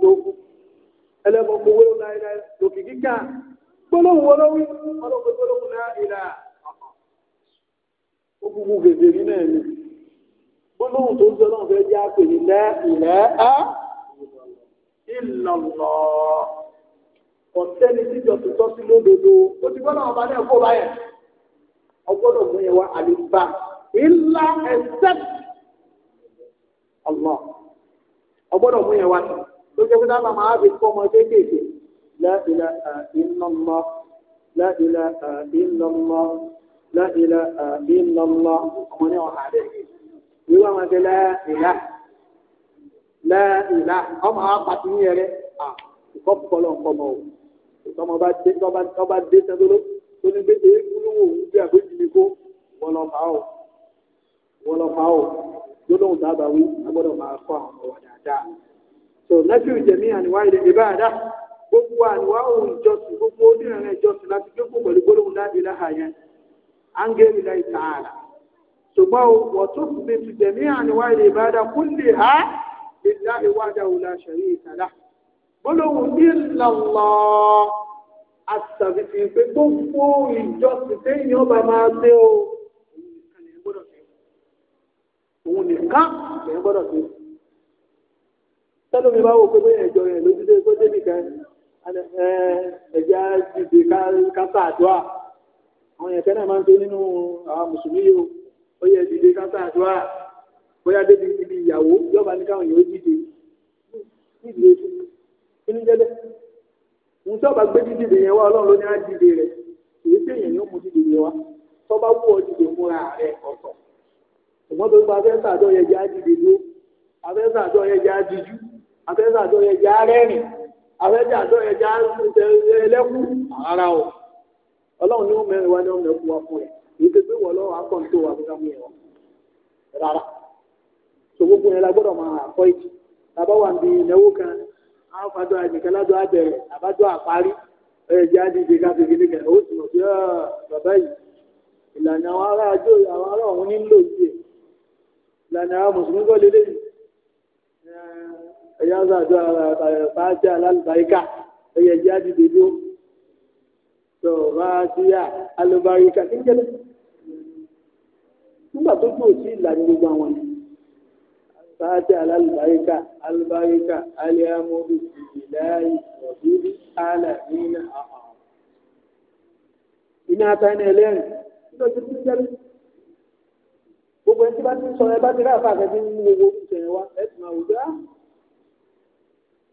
ẹlẹ́bọ̀ gbólóhùn láàyè láàbò gbólóhùn wọlọ́wí ọlọ́gbẹ́ gbólóhùn láàyè ó kúkú gègé rí náà ni gbólóhùn tó ń sọ náà fẹ́ẹ́ jẹ́ àpè ní lẹ́ ìlẹ́ á ìlọ̀lọ̀ ọ̀sẹ́ni tíjọ tó tọ́ sí lódodo ó ti gbọ́dọ̀ ọba náà kó báyẹn ọgbọ́dọ̀ mú yẹn wá àlùbá ìlà ẹ̀sẹ̀ ọ̀lọ́ ọgbọ́dọ̀ mú yẹn wá ló jẹ́ pé dábà máa fi kọ́ ọmọ kéékèèké la ilaha illallah la ilaha illallah la ilaha illallah ọmọ ní ọ̀hà rẹ̀ ìwé wọn ti la ilaha la ilaha ọmọ àwọn apàtì ní ẹrẹ à ìkọ́ pọ̀lọ̀ nǹkan mọ̀ o ìtọ́mọ bá dé tọ́ bá dé sẹ́dọ́dọ́ tó ní gbé eégún lówó òun bí àgbéjì mi kó wọ́n lọ fà á o wọ́n lọ fà á o gbólóhùn dábàá wí agbọ́dọ̀ máa kọ́ àwọn ọmọ wa dáadáa so nafiu jẹ̀mí àníwá ilẹ̀ ìbáadá gbogbo àníwá òun ìjọsìn gbogbo onírànà ìjọsìn láti jókòó pẹ̀lú gbólóhùn la ilaha yẹn angeli láì tààlà ṣùgbọ́n wọ́n tó fi mi tu jẹ̀mí àníwá ilé ìbáda kúlè ha ìlà ìwádà òun la ṣẹ̀rí ìtàlá gbólóhùn ìlàlọ́ àtàbìtì pé gbogbo ìjọsìn téèyàn ọba o òun nìkan lè gbọ́dọ̀ sí tẹ́lómi bá wò pé bóyá ẹ̀jọ lójúdé kó débìkan ẹ̀já dìde ká sáàdúrà àwọn èèyàn kẹ́nà máa ń tó nínú àwọn mùsùlùmí yìí ó yẹ dìde káńtà àdúrà bóyá débi ibi ìyàwó yọba ní káwọn èèyàn ó dìde dìde kí ní jẹ́lẹ̀ ń sọ́ba gbé dídìde yẹn wá ọlọ́run ló ní á dìde rẹ̀ èyí tí èèyàn yóò mú dídìde yẹn wá tọ́ba wú ọ dìde múra rẹ̀ ọ̀tọ̀ ṣùgbọ́n tó gba afẹ́sà àjọ yẹn jẹ́ á dìde dúró afẹ́sà àjọ yẹn jẹ́ á dijú afẹ́sà àjọ yẹn jẹ́ á rẹ́rìn afẹ́sà àjọ yẹn jẹ́ á lẹ́kù ara ọ̀ ọlọ́run ní wọ́n mẹ́rin wá ní wọ́n mẹ́rin kú wá fún ẹ̀ èyí tó gbé wọ́n lọ́wọ́ akọ́ tó wà fúnra mi ọ̀ rárá so gbogbo yẹn la gbọ́dọ̀ máa àkọ́ ìjì bàbá wà níbi ìnáwó kan àfàdọ́ àjẹkẹ́ ládọ́ àbẹ̀rẹ̀ àbájọ́ àparí ẹ̀ jẹ́ àdìjẹ káfí kí nìkan ó sì mọ̀ sí bàbá yìí ìlànà àwọn ará àjò àwọn ará ọ̀hún nílò ìdí ẹ̀ ìlànà àwọn mùsùlùmí kọ́ lélẹ́yìn ẹ̀yà ọ̀sán àjọ àbájá alálùbáríkà ẹ̀yẹ jẹ́ àdìjẹ dúró tó ràásíyà alùbáríkà níjẹ́lẹ̀ nígbà tó kú òsì ìlànà gbogbo àwọn ni sáájà alálùbáríkà alùbáríkà aliamudu ìlàyé ọ̀bí alàmínà àhàn. iná àtàwọn ẹlẹ́rìn nígbà tó kú jẹ́lẹ̀ gbogbo ẹni tí bá ti sọ ẹ bá ti ráàfà kẹ́kẹ́ nínú gbogbo ìṣẹ̀yìn wa ẹ sì máa wù dá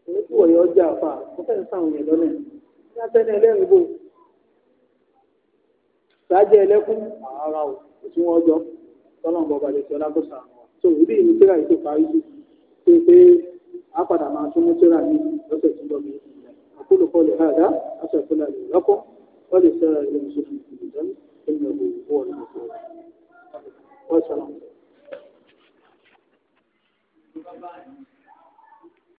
òun kú ọ̀yọ́ ọjà fà ó fẹ́ẹ́ sáwọn yẹn lọ́nà iná àtàwọn ẹlẹ́rìn gbogbo. sáájẹ ẹlẹ́kùn àárá o kò tí wọ́n jọ tọ́lọ́n bọ́ balẹ̀ sí ọlágọ́sà tó ìdí ìlú tíra yìí parí sí pé pé a padà máa tún mú tíra yìí lọ́sẹ̀ tó lọ bí أقول قولي هذا أستغفر الله لكم ولسائر المسلمين في الجنة إنه هو المغفور